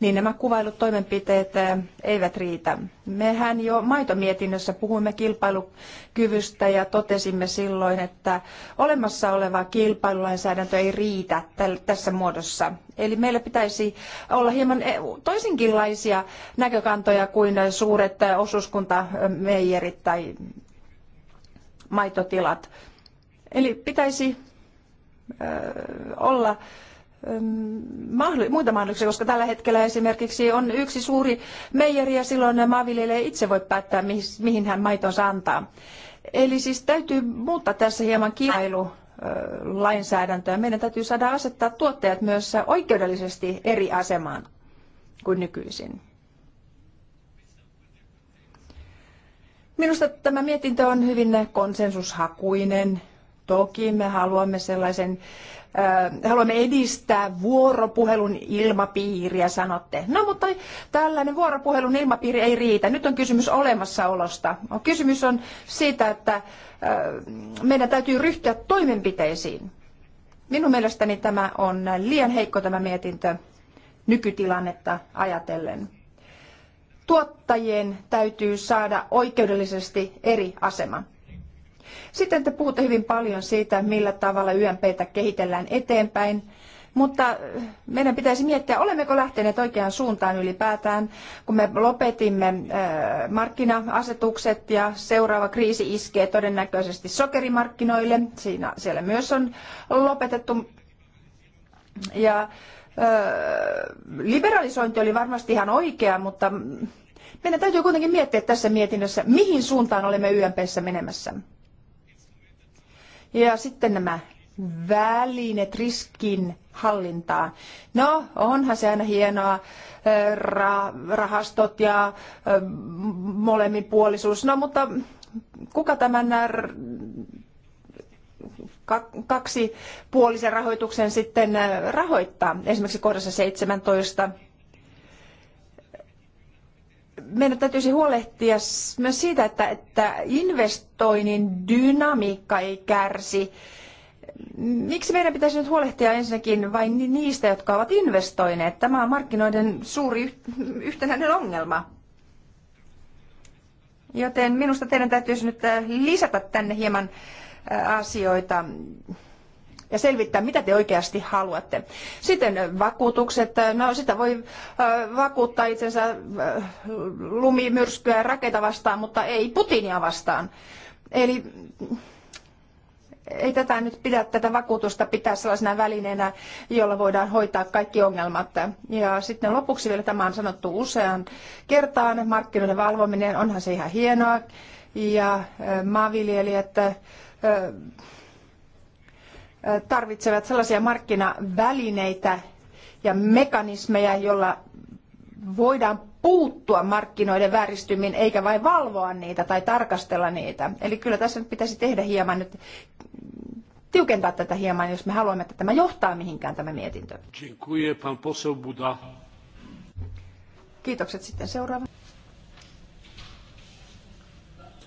[SPEAKER 4] niin nämä kuvailut toimenpiteet eh, eivät riitä. Mehän jo maitomietinnössä puhuimme kilpailukyvystä ja totesimme silloin, että olemassa oleva kilpailulainsäädäntö ei riitä tässä muodossa. Eli meillä pitäisi olla hieman eh, toisinkinlaisia näkökantoja kuin suuret eh, osuuskuntameijerit tai maitotilat. Eli pitäisi olla muita mahdollisuuksia, koska tällä hetkellä esimerkiksi on yksi suuri meijeri ja silloin maanviljelijä itse voi päättää, mihin hän maitonsa antaa. Eli siis täytyy muuttaa tässä hieman kilpailulainsäädäntöä. Meidän täytyy saada asettaa tuottajat myös oikeudellisesti eri asemaan kuin nykyisin. Minusta tämä mietintö on hyvin konsensushakuinen Toki me haluamme sellaisen, äh, haluamme edistää vuoropuhelun ilmapiiriä, sanotte. No mutta tällainen vuoropuhelun ilmapiiri ei riitä. Nyt on kysymys olemassaolosta. Kysymys on siitä, että äh, meidän täytyy ryhtyä toimenpiteisiin. Minun mielestäni tämä on liian heikko tämä mietintö nykytilannetta ajatellen. Tuottajien täytyy saada oikeudellisesti eri asema. Sitten te puhutte hyvin paljon siitä, millä tavalla YMPtä kehitellään eteenpäin. Mutta eh, meidän pitäisi miettiä, olemmeko lähteneet oikeaan suuntaan ylipäätään, kun me lopetimme eh, markkina-asetukset ja seuraava kriisi iskee todennäköisesti sokerimarkkinoille. Siinä, siellä myös on lopetettu. Ja eh, liberalisointi oli varmasti ihan oikea, mutta meidän täytyy kuitenkin miettiä tässä mietinnössä, mihin suuntaan olemme YMPssä menemässä. Ja sitten nämä välineet riskin hallintaan. No, onhan se aina hienoa, rahastot ja molemminpuolisuus. No, mutta kuka tämän kaksipuolisen rahoituksen sitten rahoittaa? Esimerkiksi kohdassa 17 meidän täytyisi huolehtia myös siitä, että, että investoinnin dynamiikka ei kärsi. Miksi meidän pitäisi nyt huolehtia ensinnäkin vain niistä, jotka ovat investoineet? Tämä on markkinoiden suuri yhtenäinen ongelma. Joten minusta teidän täytyisi nyt äh, lisätä tänne hieman äh, asioita, ja selvittää, mitä te oikeasti haluatte. Sitten vakuutukset, no sitä voi vakuuttaa itsensä lumimyrskyä ja rakeita vastaan, mutta ei Putinia vastaan. Eli ei tätä nyt pidä, tätä vakuutusta pitää sellaisena välineenä, jolla voidaan hoitaa kaikki ongelmat. Ja sitten lopuksi vielä tämä on sanottu usean kertaan, markkinoiden valvominen, onhan se ihan hienoa. Ja maanviljelijät tarvitsevat sellaisia markkinavälineitä ja mekanismeja, joilla voidaan puuttua markkinoiden vääristymiin, eikä vain valvoa niitä tai tarkastella niitä. Eli kyllä tässä nyt pitäisi tehdä hieman nyt, tiukentaa tätä hieman, jos me haluamme, että tämä johtaa mihinkään tämä mietintö. Kiitokset sitten seuraava.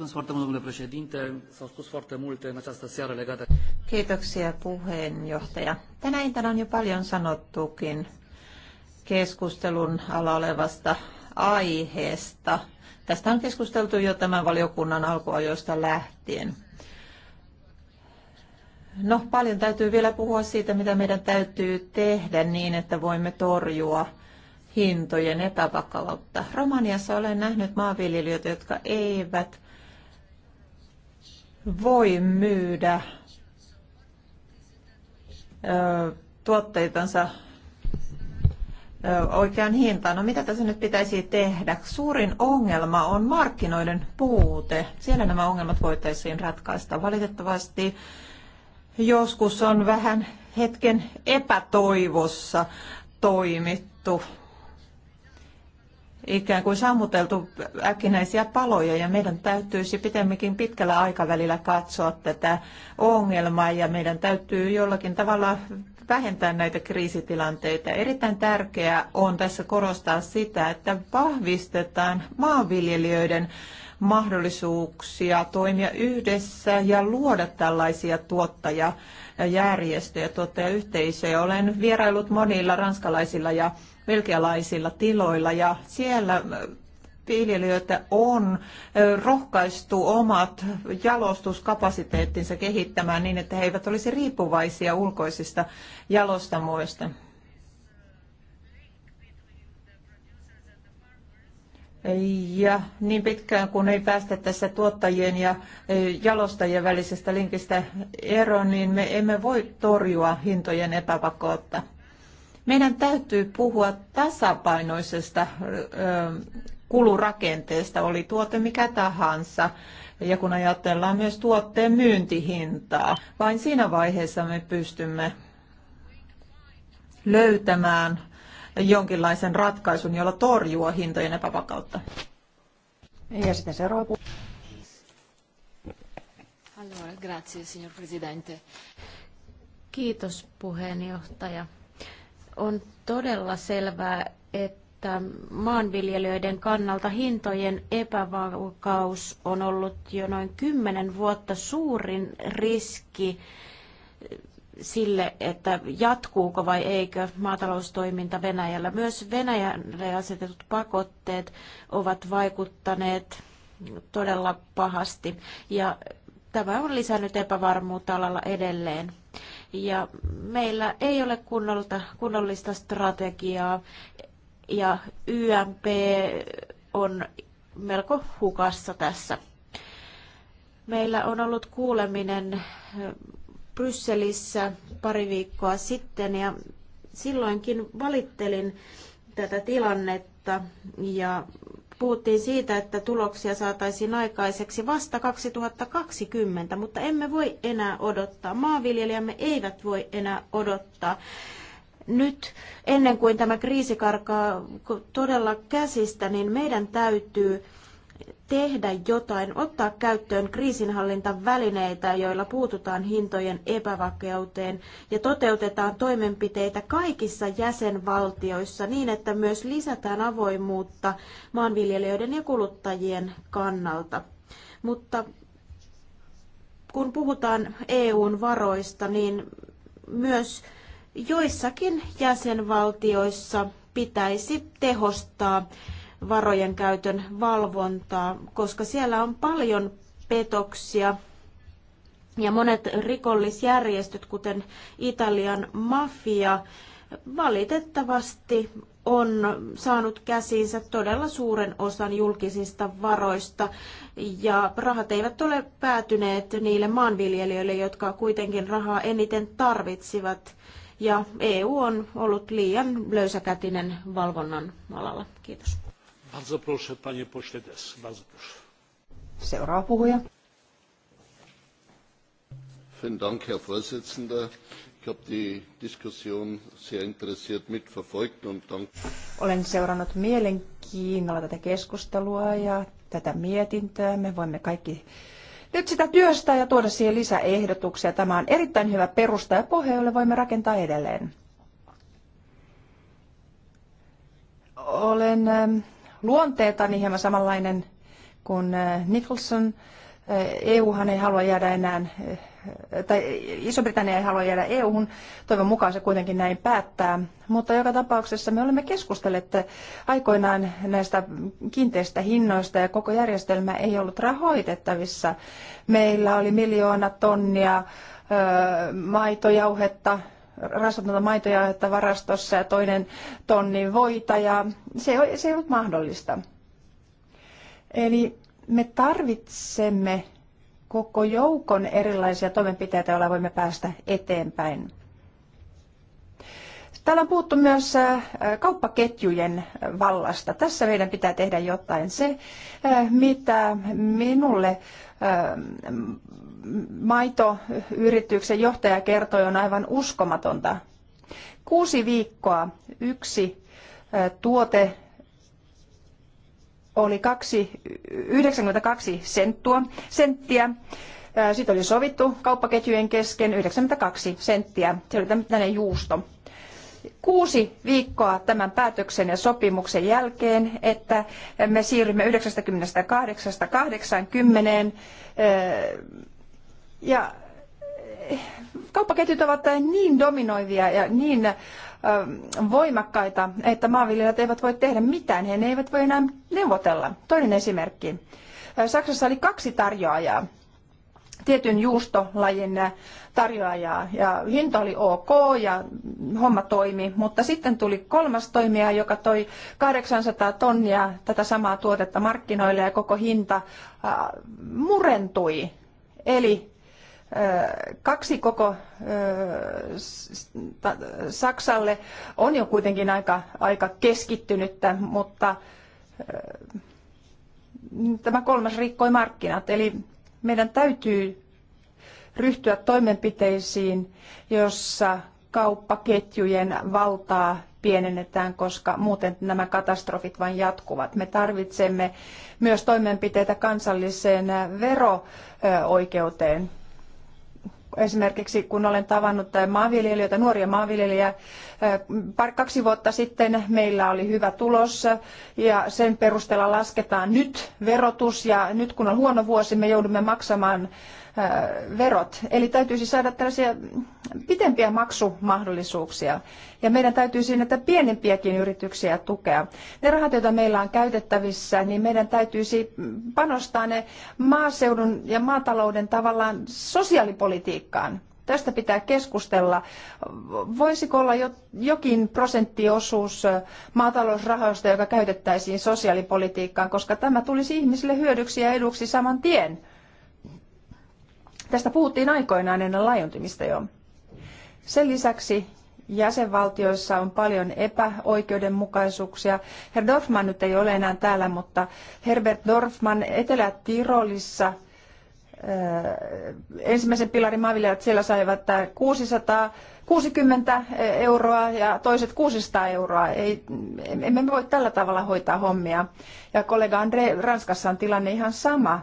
[SPEAKER 1] Mulțumesc foarte mult, domnule președinte. S-au spus foarte multe în această seară
[SPEAKER 3] legate. Kiitoksia puheenjohtaja. Tänä iltana on jo paljon sanottukin keskustelun alla olevasta aiheesta. Tästä on keskusteltu jo tämän valiokunnan alkuajoista lähtien. No, paljon täytyy vielä puhua siitä, mitä meidän täytyy tehdä niin, että voimme torjua hintojen epävakautta. Romaniassa olen nähnyt maanviljelijöitä, jotka eivät voi myydä tuotteitansa oikean hintaan. No mitä tässä nyt pitäisi tehdä? Suurin ongelma on markkinoiden puute. Siellä nämä ongelmat voitaisiin ratkaista. Valitettavasti joskus on vähän hetken epätoivossa toimittu ikään kuin sammuteltu äkkinäisiä paloja ja meidän täytyisi pitemminkin pitkällä aikavälillä katsoa tätä ongelmaa ja meidän täytyy jollakin tavalla vähentää näitä kriisitilanteita. Erittäin tärkeää on tässä korostaa sitä, että vahvistetaan maanviljelijöiden mahdollisuuksia toimia yhdessä ja luoda tällaisia tuottajajärjestöjä, tuottajayhteisöjä. Olen vierailut monilla ranskalaisilla ja belgialaisilla tiloilla ja siellä viljelijöitä on rohkaistu omat jalostuskapasiteettinsa kehittämään niin, että he eivät olisi riippuvaisia ulkoisista jalostamoista. Ja niin pitkään kun ei päästä tässä tuottajien ja jalostajien välisestä linkistä eroon, niin me emme voi torjua hintojen epävakautta. Meidän täytyy puhua tasapainoisesta kulurakenteesta, oli tuote mikä tahansa. Ja kun ajatellaan myös tuotteen myyntihintaa, vain siinä vaiheessa me pystymme löytämään jonkinlaisen ratkaisun, jolla torjua hintojen epävakautta.
[SPEAKER 2] Ja sitten seuraava puhuja. Allora, grazie, signor Presidente. Kiitos puheenjohtaja. On todella selvää, että maanviljelijöiden kannalta hintojen epävakaus on ollut jo noin kymmenen vuotta suurin riski sille, että jatkuuko vai eikö maataloustoiminta Venäjällä. Myös Venäjän asetetut pakotteet ovat vaikuttaneet todella pahasti ja tämä on lisännyt epävarmuutta alalla edelleen ja meillä ei ole kunnollista, kunnollista strategiaa ja YMP on melko hukassa tässä. Meillä on ollut kuuleminen eh, Brysselissä pari viikkoa sitten ja silloinkin valittelin tätä tilannetta ja puhuttiin siitä, että tuloksia saataisiin aikaiseksi vasta 2020, mutta emme voi enää odottaa. Maanviljelijämme eivät voi enää odottaa. Nyt ennen kuin tämä kriisi karkaa todella käsistä, niin meidän täytyy tehdä jotain, ottaa käyttöön kriisinhallintavälineitä, joilla puututaan hintojen epävakeuteen ja toteutetaan toimenpiteitä kaikissa jäsenvaltioissa niin, että myös lisätään avoimuutta maanviljelijöiden ja kuluttajien kannalta. Mutta kun puhutaan EUn varoista, niin myös joissakin jäsenvaltioissa pitäisi tehostaa varojen käytön valvontaa, koska siellä on paljon petoksia ja monet rikollisjärjestöt, kuten Italian mafia, valitettavasti on saanut käsiinsä todella suuren osan julkisista varoista ja rahat eivät ole päätyneet niille maanviljelijöille, jotka kuitenkin rahaa eniten tarvitsivat. Ja EU on ollut liian löysäkätinen valvonnan alalla. Kiitos.
[SPEAKER 1] Bardzo proszę, panie pośle Des. Bardzo proszę.
[SPEAKER 4] Seuraava puhuja.
[SPEAKER 1] Vielen Dank, Herr Vorsitzender. Ich habe die Diskussion sehr interessiert mitverfolgt und danke.
[SPEAKER 4] Olen seurannut mielenkiinnolla tätä keskustelua ja tätä mietintöä. Me voimme kaikki nyt sitä työstää ja tuoda siihen lisäehdotuksia. Tämä on erittäin hyvä perusta ja pohja, jolle voimme rakentaa edelleen. Olen ähm, niin hieman samanlainen kuin äh, Nicholson. Äh, EUhan ei halua jäädä enää, äh, tai Iso-Britannia ei halua jäädä EUhun, toivon mukaan se kuitenkin näin päättää. Mutta joka tapauksessa me olemme keskustelleet aikoinaan näistä kiinteistä hinnoista ja koko järjestelmä ei ollut rahoitettavissa. Meillä oli miljoona tonnia maitojauhetta rasvatonta että varastossa ja toinen tonni voita ja se, ei, se ei ollut mahdollista. Eli me tarvitsemme koko joukon erilaisia toimenpiteitä, joilla voimme päästä eteenpäin. Täällä on puhuttu myös kauppaketjujen vallasta. Tässä meidän pitää tehdä jotain. Se, mitä minulle maitoyrityksen johtaja kertoi, on aivan uskomatonta. Kuusi viikkoa yksi tuote oli kaksi, 92 senttua, senttiä. Sitten oli sovittu kauppaketjujen kesken 92 senttiä. Se oli tämmöinen juusto. Kuusi viikkoa tämän päätöksen ja sopimuksen jälkeen, että me siirrymme 98-80 ja eh, kauppaketjut ovat niin dominoivia ja niin eh, voimakkaita, että maanviljelijät eivät voi tehdä mitään, he eivät voi enää neuvotella. Toinen esimerkki. Eh, Saksassa oli kaksi tarjoajaa, tietyn juustolajin tarjoajaa ja hinta oli ok ja homma toimi, mutta sitten tuli kolmas toimija, joka toi 800 tonnia tätä samaa tuotetta markkinoille ja koko hinta murentui. Eli kaksi koko Saksalle on jo kuitenkin aika, aika keskittynyttä, mutta tämä kolmas rikkoi markkinat. Eli meidän täytyy ryhtyä toimenpiteisiin, jossa kauppaketjujen valtaa pienennetään, koska muuten nämä katastrofit vain jatkuvat. Me tarvitsemme myös toimenpiteitä kansalliseen vero-oikeuteen esimerkiksi kun olen tavannut maanviljelijöitä, nuoria maanviljelijä, kaksi vuotta sitten meillä oli hyvä tulos ja sen perusteella lasketaan nyt verotus ja nyt kun on huono vuosi, me joudumme maksamaan verot. Eli täytyisi saada tällaisia pitempiä maksumahdollisuuksia. Ja meidän täytyisi näitä pienempiäkin yrityksiä tukea. Ne rahat, joita meillä on käytettävissä, niin meidän täytyisi panostaa ne maaseudun ja maatalouden tavallaan sosiaalipolitiikkaan. Tästä pitää keskustella. Voisiko olla jokin prosenttiosuus maatalousrahoista, joka käytettäisiin sosiaalipolitiikkaan, koska tämä tulisi ihmisille hyödyksi ja eduksi saman tien – Tästä puhuttiin aikoinaan ennen laajentumista jo. Sen lisäksi jäsenvaltioissa on paljon epäoikeudenmukaisuuksia. Herr Dorfman nyt ei ole enää täällä, mutta Herbert Dorfman Etelä-Tirolissa eh, ensimmäisen pilarin maanviljelijät siellä saivat 60 eh, euroa ja toiset 600 euroa. Ei, emme voi tällä tavalla hoitaa hommia. Ja kollega Andre, Ranskassa on tilanne ihan sama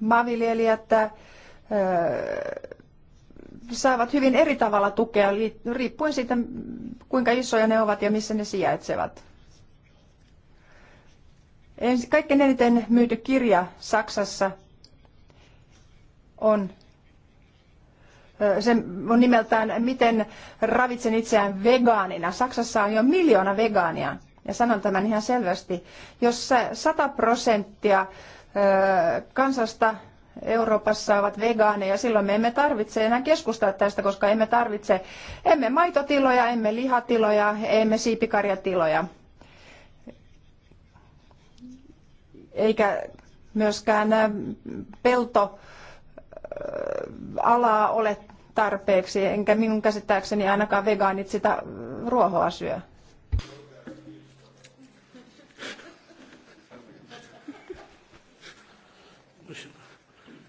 [SPEAKER 4] maanviljelijät äh, saavat hyvin eri tavalla tukea riippuen siitä, kuinka isoja ne ovat ja missä ne sijaitsevat. Kaikkein eniten myyty kirja Saksassa on, äh, se on nimeltään Miten ravitsen itseään vegaanina. Saksassa on jo miljoona vegaania. Ja sanon tämän ihan selvästi. Jos 100 prosenttia kansasta Euroopassa ovat vegaaneja, silloin me emme tarvitse enää keskustella tästä, koska emme tarvitse emme maitotiloja, emme lihatiloja, emme siipikarjatiloja. Eikä myöskään peltoalaa ole tarpeeksi, enkä minun käsittääkseni ainakaan vegaanit sitä ruohoa syö.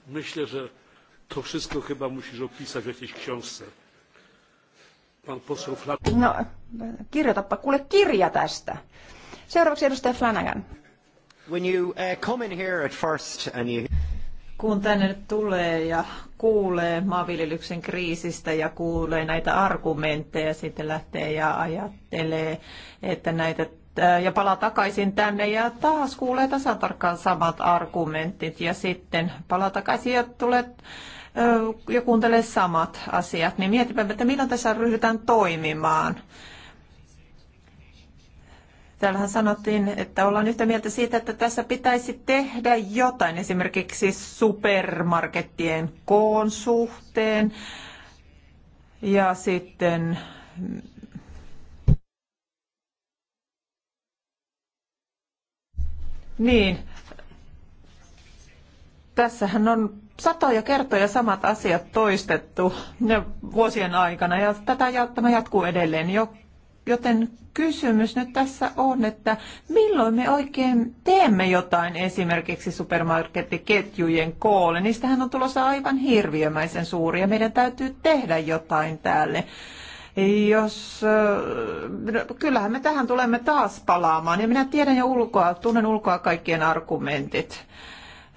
[SPEAKER 1] Myślę, że to wszystko chyba musisz opisać w jakiejś książce.
[SPEAKER 4] Pan poseł Flanagan. No, kirjoitapa kuule kirja tästä. Seuraavaksi edustaja Flanagan. When you uh, come in here at first and you kun tänne
[SPEAKER 3] tulee ja kuulee maanviljelyksen kriisistä ja kuulee näitä argumentteja, sitten lähtee ja ajattelee, että näitä Äh, ja palaa takaisin tänne ja taas kuulee tasan tarkkaan samat argumentit ja sitten palaa takaisin ja tulee äh, ja kuuntelee samat asiat, niin mietipä, että milloin tässä ryhdytään toimimaan. Täällähän sanottiin, että ollaan yhtä mieltä siitä, että tässä pitäisi tehdä jotain esimerkiksi supermarkettien koon suhteen ja sitten Niin, tässähän on satoja kertoja samat asiat toistettu ne vuosien aikana ja tätä tämä jatkuu edelleen. Jo, joten kysymys nyt tässä on, että milloin me oikein teemme jotain esimerkiksi supermarkettiketjujen koolle. Niistähän on tulossa aivan hirviömäisen suuria. Meidän täytyy tehdä jotain täällä. Jos, äh, no, kyllähän me tähän tulemme taas palaamaan, ja minä tiedän jo ulkoa, tunnen ulkoa kaikkien argumentit.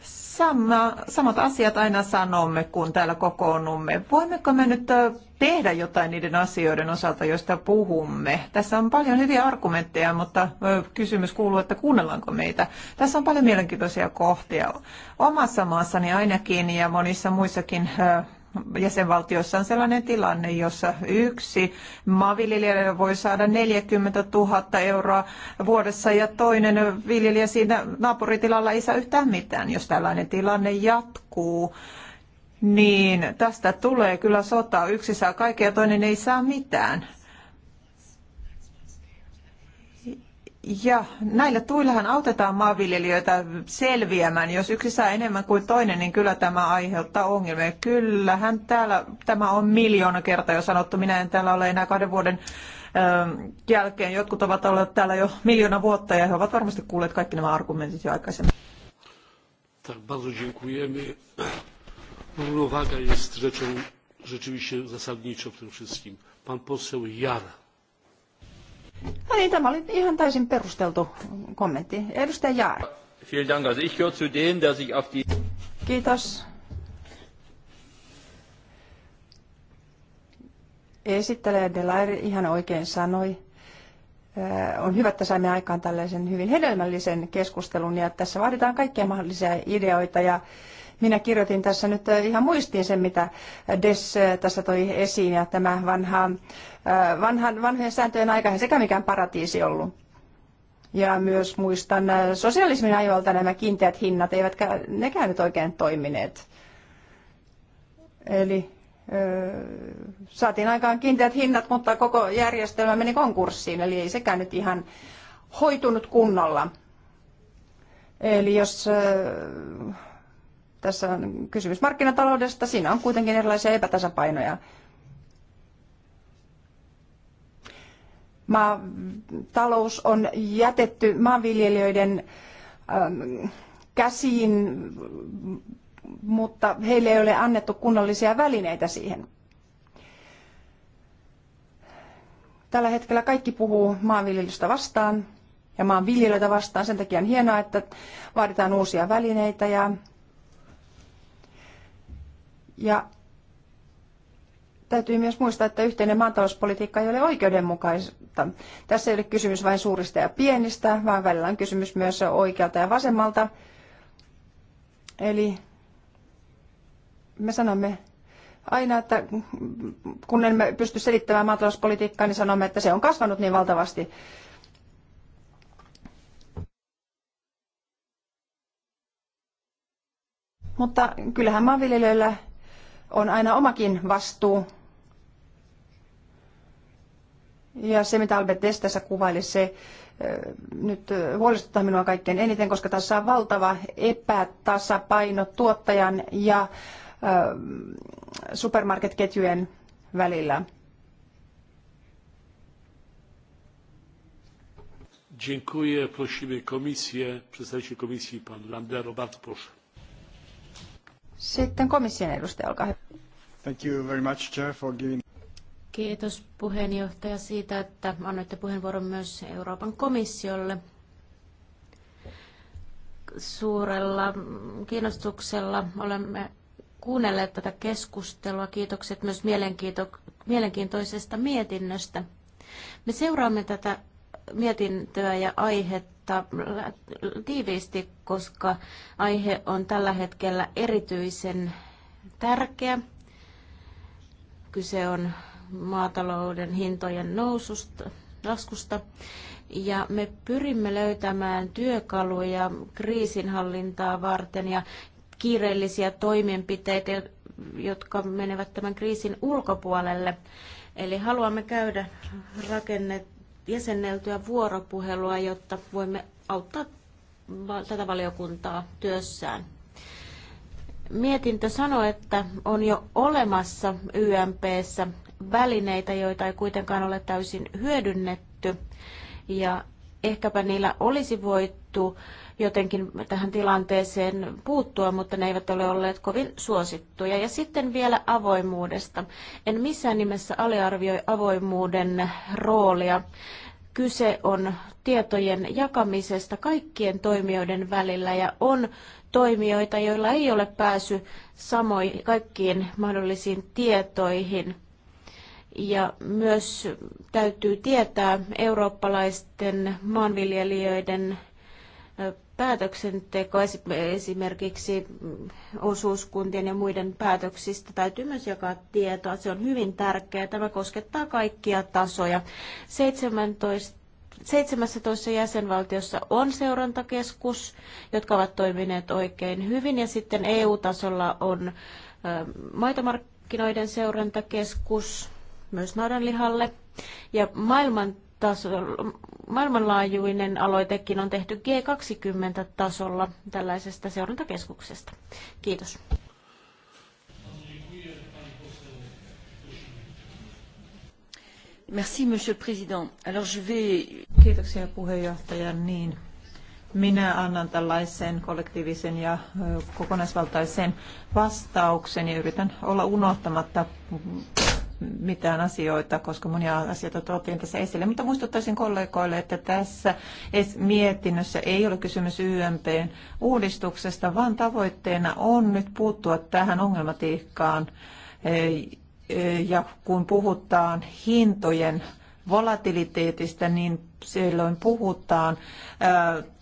[SPEAKER 3] Sama, samat asiat aina sanomme, kun täällä kokoonnumme. Voimmeko me nyt äh, tehdä jotain niiden asioiden osalta, joista puhumme? Tässä on paljon hyviä argumentteja, mutta äh, kysymys kuuluu, että kuunnellaanko meitä? Tässä on paljon mielenkiintoisia kohtia. Omassa maassani ainakin ja monissa muissakin jäsenvaltioissa on sellainen tilanne, jossa yksi maanviljelijä voi saada 40 000 euroa vuodessa ja toinen viljelijä siinä naapuritilalla ei saa yhtään mitään. Jos tällainen tilanne jatkuu, niin tästä tulee kyllä sota. Yksi saa kaikkea, toinen ei saa mitään. Ja näillä tuillahan autetaan maanviljelijöitä selviämään. Jos yksi saa enemmän kuin toinen, niin kyllä tämä aiheuttaa ongelmia. Kyllähän täällä tämä on miljoona kertaa jo sanottu. Minä en täällä ole enää kahden vuoden ähm, jälkeen. Jotkut ovat olleet täällä jo miljoona vuotta ja he ovat varmasti kuulleet kaikki nämä argumentit jo aikaisemmin.
[SPEAKER 1] Tak, bardzo dziękujemy. Równowaga jest rzeczą rzeczywiście zasadniczą w tym wszystkim. Pan poseł Jara.
[SPEAKER 4] No niin, tämä oli ihan täysin perusteltu kommentti. Edustaja Jaar.
[SPEAKER 1] Vielen Dank. Also ich gehöre zu denen, dass ich auf die...
[SPEAKER 4] Kiitos. Esittelee Delaire ihan oikein sanoi. Äh, on hyvä, että saimme aikaan tällaisen hyvin hedelmällisen keskustelun ja tässä vaaditaan kaikkia mahdollisia ideoita ja minä kirjoitin tässä nyt äh, ihan muistiin sen, mitä Des äh, tässä toi esiin ja tämä vanha, äh, vanhan, vanhojen sääntöjen aika ei sekä mikään paratiisi ollut. Ja myös muistan sosialismin ajoilta nämä kiinteät hinnat, eivät nekään nyt oikein toimineet. Eli saatiin aikaan kiinteät hinnat, mutta koko järjestelmä meni konkurssiin, eli ei sekään nyt ihan hoitunut kunnolla. Eli jos tässä on kysymys markkinataloudesta, siinä on kuitenkin erilaisia epätasapainoja. Maatalous on jätetty maanviljelijöiden ähm, käsiin, mutta heille ei ole annettu kunnollisia välineitä siihen. Tällä hetkellä kaikki puhuu maanviljelystä vastaan ja maanviljelijöitä vastaan. Sen takia on hienoa, että vaaditaan uusia välineitä ja ja täytyy myös muistaa, että yhteinen maatalouspolitiikka ei ole oikeudenmukaista. Tässä ei ole kysymys vain suurista ja pienistä, vaan välillä on kysymys myös oikealta ja vasemmalta. Eli me sanomme aina, että kun emme pysty selittämään maatalouspolitiikkaa, niin sanomme, että se on kasvanut niin valtavasti. Mutta kyllähän maanviljelijöillä on aina omakin vastuu. Ja se, mitä Albert Testessä kuvaili, se nyt huolestuttaa minua kaikkein eniten, koska tässä on valtava epätasapaino tuottajan ja supermarketketjujen välillä.
[SPEAKER 1] Dziękuję. Prosimy komisję, przedstawiciel komisji, pan Landero, bardzo proszę.
[SPEAKER 4] Sitten komission edustaja, olkaa hyvä. Thank you very much, Chair, for giving... Kiitos
[SPEAKER 2] puheenjohtaja siitä, että annoitte puheenvuoron myös Euroopan komissiolle. Suurella kiinnostuksella olemme kuunnelleet tätä keskustelua. Kiitokset myös mielenkiintoisesta mietinnöstä. Me seuraamme tätä mietintöä ja aihetta tiiviisti, koska aihe on tällä hetkellä erityisen tärkeä. Kyse on maatalouden hintojen noususta, laskusta. Ja me pyrimme löytämään työkaluja kriisinhallintaa varten ja kiireellisiä toimenpiteitä, jotka menevät tämän kriisin ulkopuolelle. Eli haluamme käydä rakennet, jäsenneltyä vuoropuhelua, jotta voimme auttaa tätä valiokuntaa työssään. Mietintö sanoi, että on jo olemassa YMPssä välineitä, joita ei kuitenkaan ole täysin hyödynnetty. Ja ehkäpä niillä olisi voitu jotenkin tähän tilanteeseen puuttua, mutta ne eivät ole olleet kovin suosittuja. Ja sitten vielä avoimuudesta. En missään nimessä aliarvioi avoimuuden roolia. Kyse on tietojen jakamisesta kaikkien toimijoiden välillä ja on toimijoita, joilla ei ole pääsy samoihin kaikkiin mahdollisiin tietoihin. Ja myös täytyy tietää eurooppalaisten maanviljelijöiden päätöksenteko, esimerkiksi osuuskuntien ja muiden päätöksistä, täytyy myös jakaa tietoa. Se on hyvin tärkeää. Tämä koskettaa kaikkia tasoja. 17 17 jäsenvaltiossa on seurantakeskus, jotka ovat toimineet oikein hyvin, ja sitten EU-tasolla on maitomarkkinoiden seurantakeskus myös naudanlihalle, ja maailman taso, Maailmanlaajuinen aloitekin on tehty G20-tasolla tällaisesta seurantakeskuksesta. Kiitos.
[SPEAKER 3] Merci, monsieur le président. Alors je vais... Kiitoksia puheenjohtaja. Niin, minä annan tällaisen kollektiivisen ja kokonaisvaltaisen vastauksen ja yritän olla unohtamatta mitään asioita, koska monia asioita tuotiin tässä esille. Mutta muistuttaisin kollegoille, että tässä mietinnössä ei ole kysymys YMPn uudistuksesta, vaan tavoitteena on nyt puuttua tähän ongelmatiikkaan. E, e, ja kun puhutaan hintojen volatiliteetistä, niin silloin puhutaan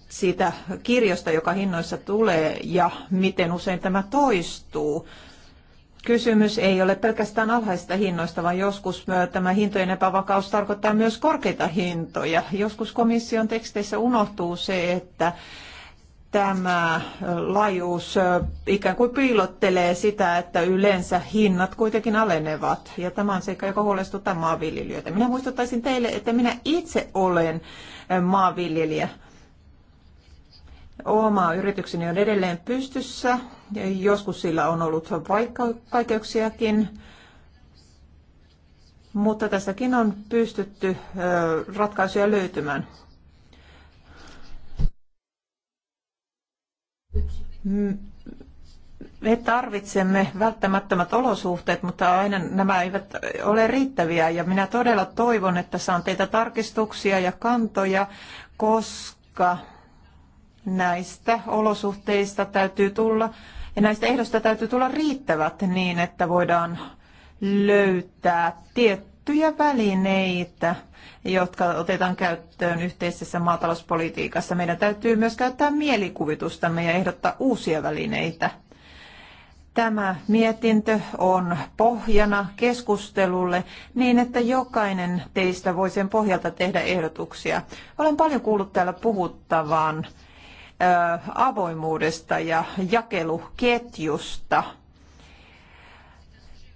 [SPEAKER 3] siitä kirjosta, joka hinnoissa tulee ja miten usein tämä toistuu kysymys ei ole pelkästään alhaista hinnoista, vaan joskus tämä hintojen epävakaus tarkoittaa myös korkeita hintoja. Joskus komission teksteissä unohtuu se, että tämä laajuus ikään kuin piilottelee sitä, että yleensä hinnat kuitenkin alenevat. Ja tämä on seikka, joka huolestuttaa maanviljelijöitä. Minä muistuttaisin teille, että minä itse olen maanviljelijä. Oma yritykseni on edelleen pystyssä. Joskus sillä on ollut vaikeuksiakin, mutta tässäkin on pystytty ratkaisuja löytymään. Me tarvitsemme välttämättömät olosuhteet, mutta aina nämä eivät ole riittäviä. Ja minä todella toivon, että saan teitä tarkistuksia ja kantoja, koska näistä olosuhteista täytyy tulla ja näistä ehdosta täytyy tulla riittävät niin, että voidaan löytää tiettyjä välineitä, jotka otetaan käyttöön yhteisessä maatalouspolitiikassa. Meidän täytyy myös käyttää mielikuvitustamme ja ehdottaa uusia välineitä. Tämä mietintö on pohjana keskustelulle niin, että jokainen teistä voi sen pohjalta tehdä ehdotuksia. Olen paljon kuullut täällä puhuttavan avoimuudesta ja jakeluketjusta.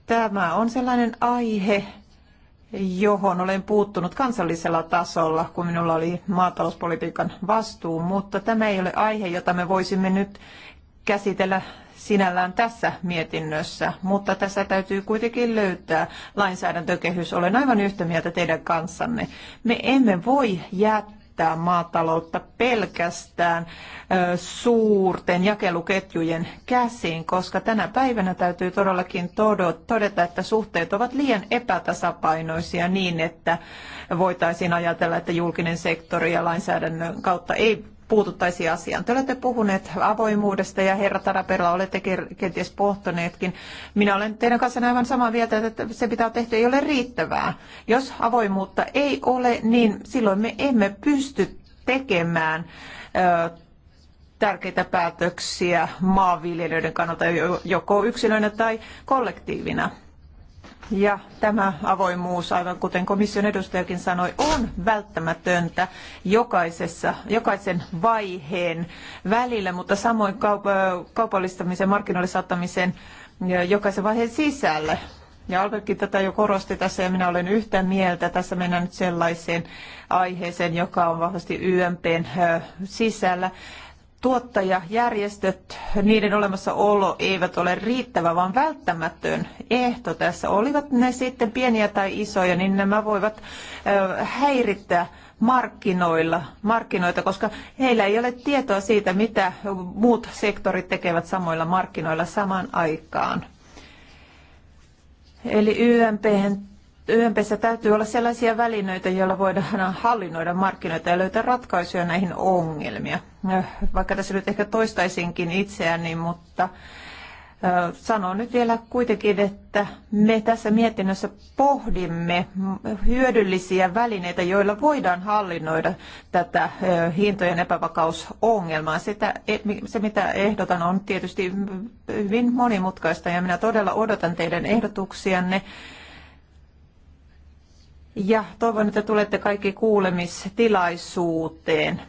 [SPEAKER 3] Tämä on sellainen aihe, johon olen puuttunut kansallisella tasolla, kun minulla oli maatalouspolitiikan vastuu, mutta tämä ei ole aihe, jota me voisimme nyt käsitellä sinällään tässä mietinnössä, mutta tässä täytyy kuitenkin löytää lainsäädäntökehys. Olen aivan yhtä mieltä teidän kanssanne. Me emme voi jättää kehittää maataloutta pelkästään suurten jakeluketjujen käsiin, koska tänä päivänä täytyy todellakin todeta, että suhteet ovat liian epätasapainoisia niin, että voitaisiin ajatella, että julkinen sektori ja lainsäädännön kautta ei puututtaisiin asiaan. Te olette puhuneet avoimuudesta ja herra Tarapella olette kenties pohtoneetkin. Minä olen teidän kanssa aivan samaa mieltä, että se pitää tehdä ei ole riittävää. Jos avoimuutta ei ole, niin silloin me emme pysty tekemään tärkeitä päätöksiä maanviljelijöiden kannalta joko yksilöinä tai kollektiivina. Ja tämä avoimuus, aivan kuten komission edustajakin sanoi, on välttämätöntä jokaisessa, jokaisen vaiheen välillä, mutta samoin kaupallistamisen, markkinoille saattamisen jokaisen vaiheen sisällä. Ja Albertkin tätä jo korosti tässä ja minä olen yhtä mieltä. Tässä mennään nyt sellaiseen aiheeseen, joka on vahvasti YMPn sisällä tuottajajärjestöt, niiden olemassaolo eivät ole riittävä, vaan välttämätön ehto tässä. Olivat ne sitten pieniä tai isoja, niin nämä voivat häiritä markkinoilla, markkinoita, koska heillä ei ole tietoa siitä, mitä muut sektorit tekevät samoilla markkinoilla samaan aikaan. Eli YMP YMPssä täytyy olla sellaisia välineitä, joilla voidaan hallinnoida markkinoita ja löytää ratkaisuja näihin ongelmia. Äh, vaikka tässä nyt ehkä toistaisinkin itseäni, mutta äh, sanon nyt vielä kuitenkin, että me tässä mietinnössä pohdimme hyödyllisiä välineitä, joilla voidaan hallinnoida tätä äh, hintojen epävakausongelmaa. Sitä, e, se, mitä ehdotan, on tietysti hyvin monimutkaista ja minä todella odotan teidän ehdotuksianne ja toivon, että tulette kaikki kuulemistilaisuuteen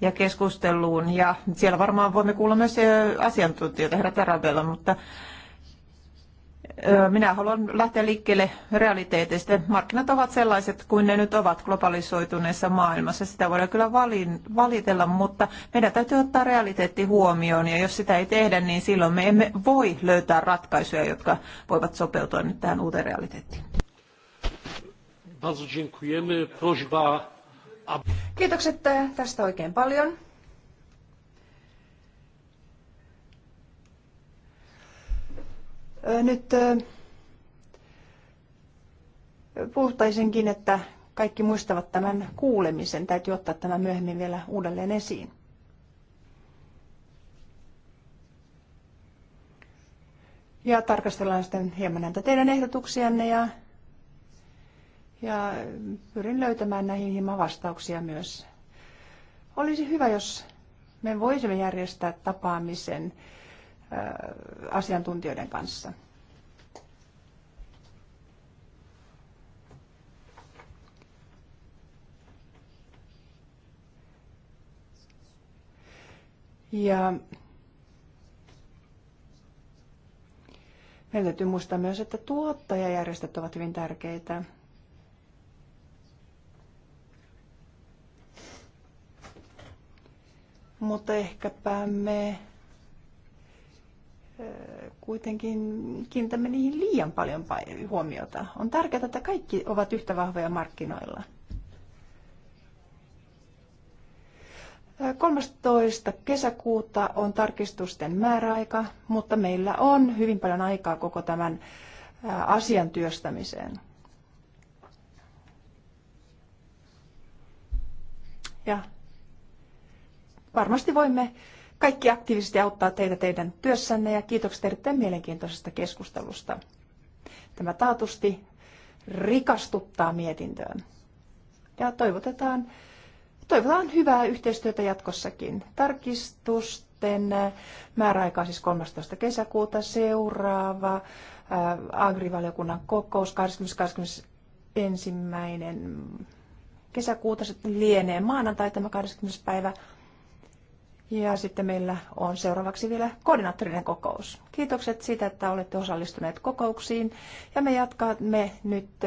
[SPEAKER 3] ja keskusteluun. Ja siellä varmaan voimme kuulla myös asiantuntijoita, herra Tarabella, mutta minä haluan lähteä liikkeelle realiteeteista. Markkinat ovat sellaiset kuin ne nyt ovat globalisoituneessa maailmassa. Sitä voidaan kyllä valitella, mutta meidän täytyy ottaa realiteetti huomioon. Ja jos sitä ei tehdä, niin silloin me emme voi löytää ratkaisuja, jotka voivat sopeutua nyt tähän uuteen realiteettiin.
[SPEAKER 1] Bardzo dziękujemy. Prośba...
[SPEAKER 4] Kiitokset e, tästä oikein paljon. E, nyt e, puhuttaisinkin, että kaikki muistavat tämän kuulemisen. Täytyy ottaa tämä myöhemmin vielä uudelleen esiin. Ja tarkastellaan sitten hieman näitä teidän ehdotuksianne ja ja pyrin löytämään näihin hieman vastauksia myös. Olisi hyvä, jos me voisimme järjestää tapaamisen äh, asiantuntijoiden kanssa. Ja meidän täytyy muistaa myös, että tuottajajärjestöt ovat hyvin tärkeitä. mutta ehkäpä me kuitenkin kiinnitämme niihin liian paljon huomiota. On tärkeää, että kaikki ovat yhtä vahvoja markkinoilla. 13. kesäkuuta on tarkistusten määräaika, mutta meillä on hyvin paljon aikaa koko tämän asian työstämiseen. Ja varmasti voimme kaikki aktiivisesti auttaa teitä teidän työssänne ja kiitokset erittäin mielenkiintoisesta keskustelusta. Tämä taatusti rikastuttaa mietintöön. Ja toivotetaan, toivotaan hyvää yhteistyötä jatkossakin. Tarkistusten määräaika siis 13. kesäkuuta seuraava ää, äh, agrivaliokunnan kokous 20. kesäkuuta se lienee maanantai tämä 20. päivä ja sitten meillä on seuraavaksi vielä koordinaattorinen kokous. Kiitokset siitä, että olette osallistuneet kokouksiin. Ja me jatkamme nyt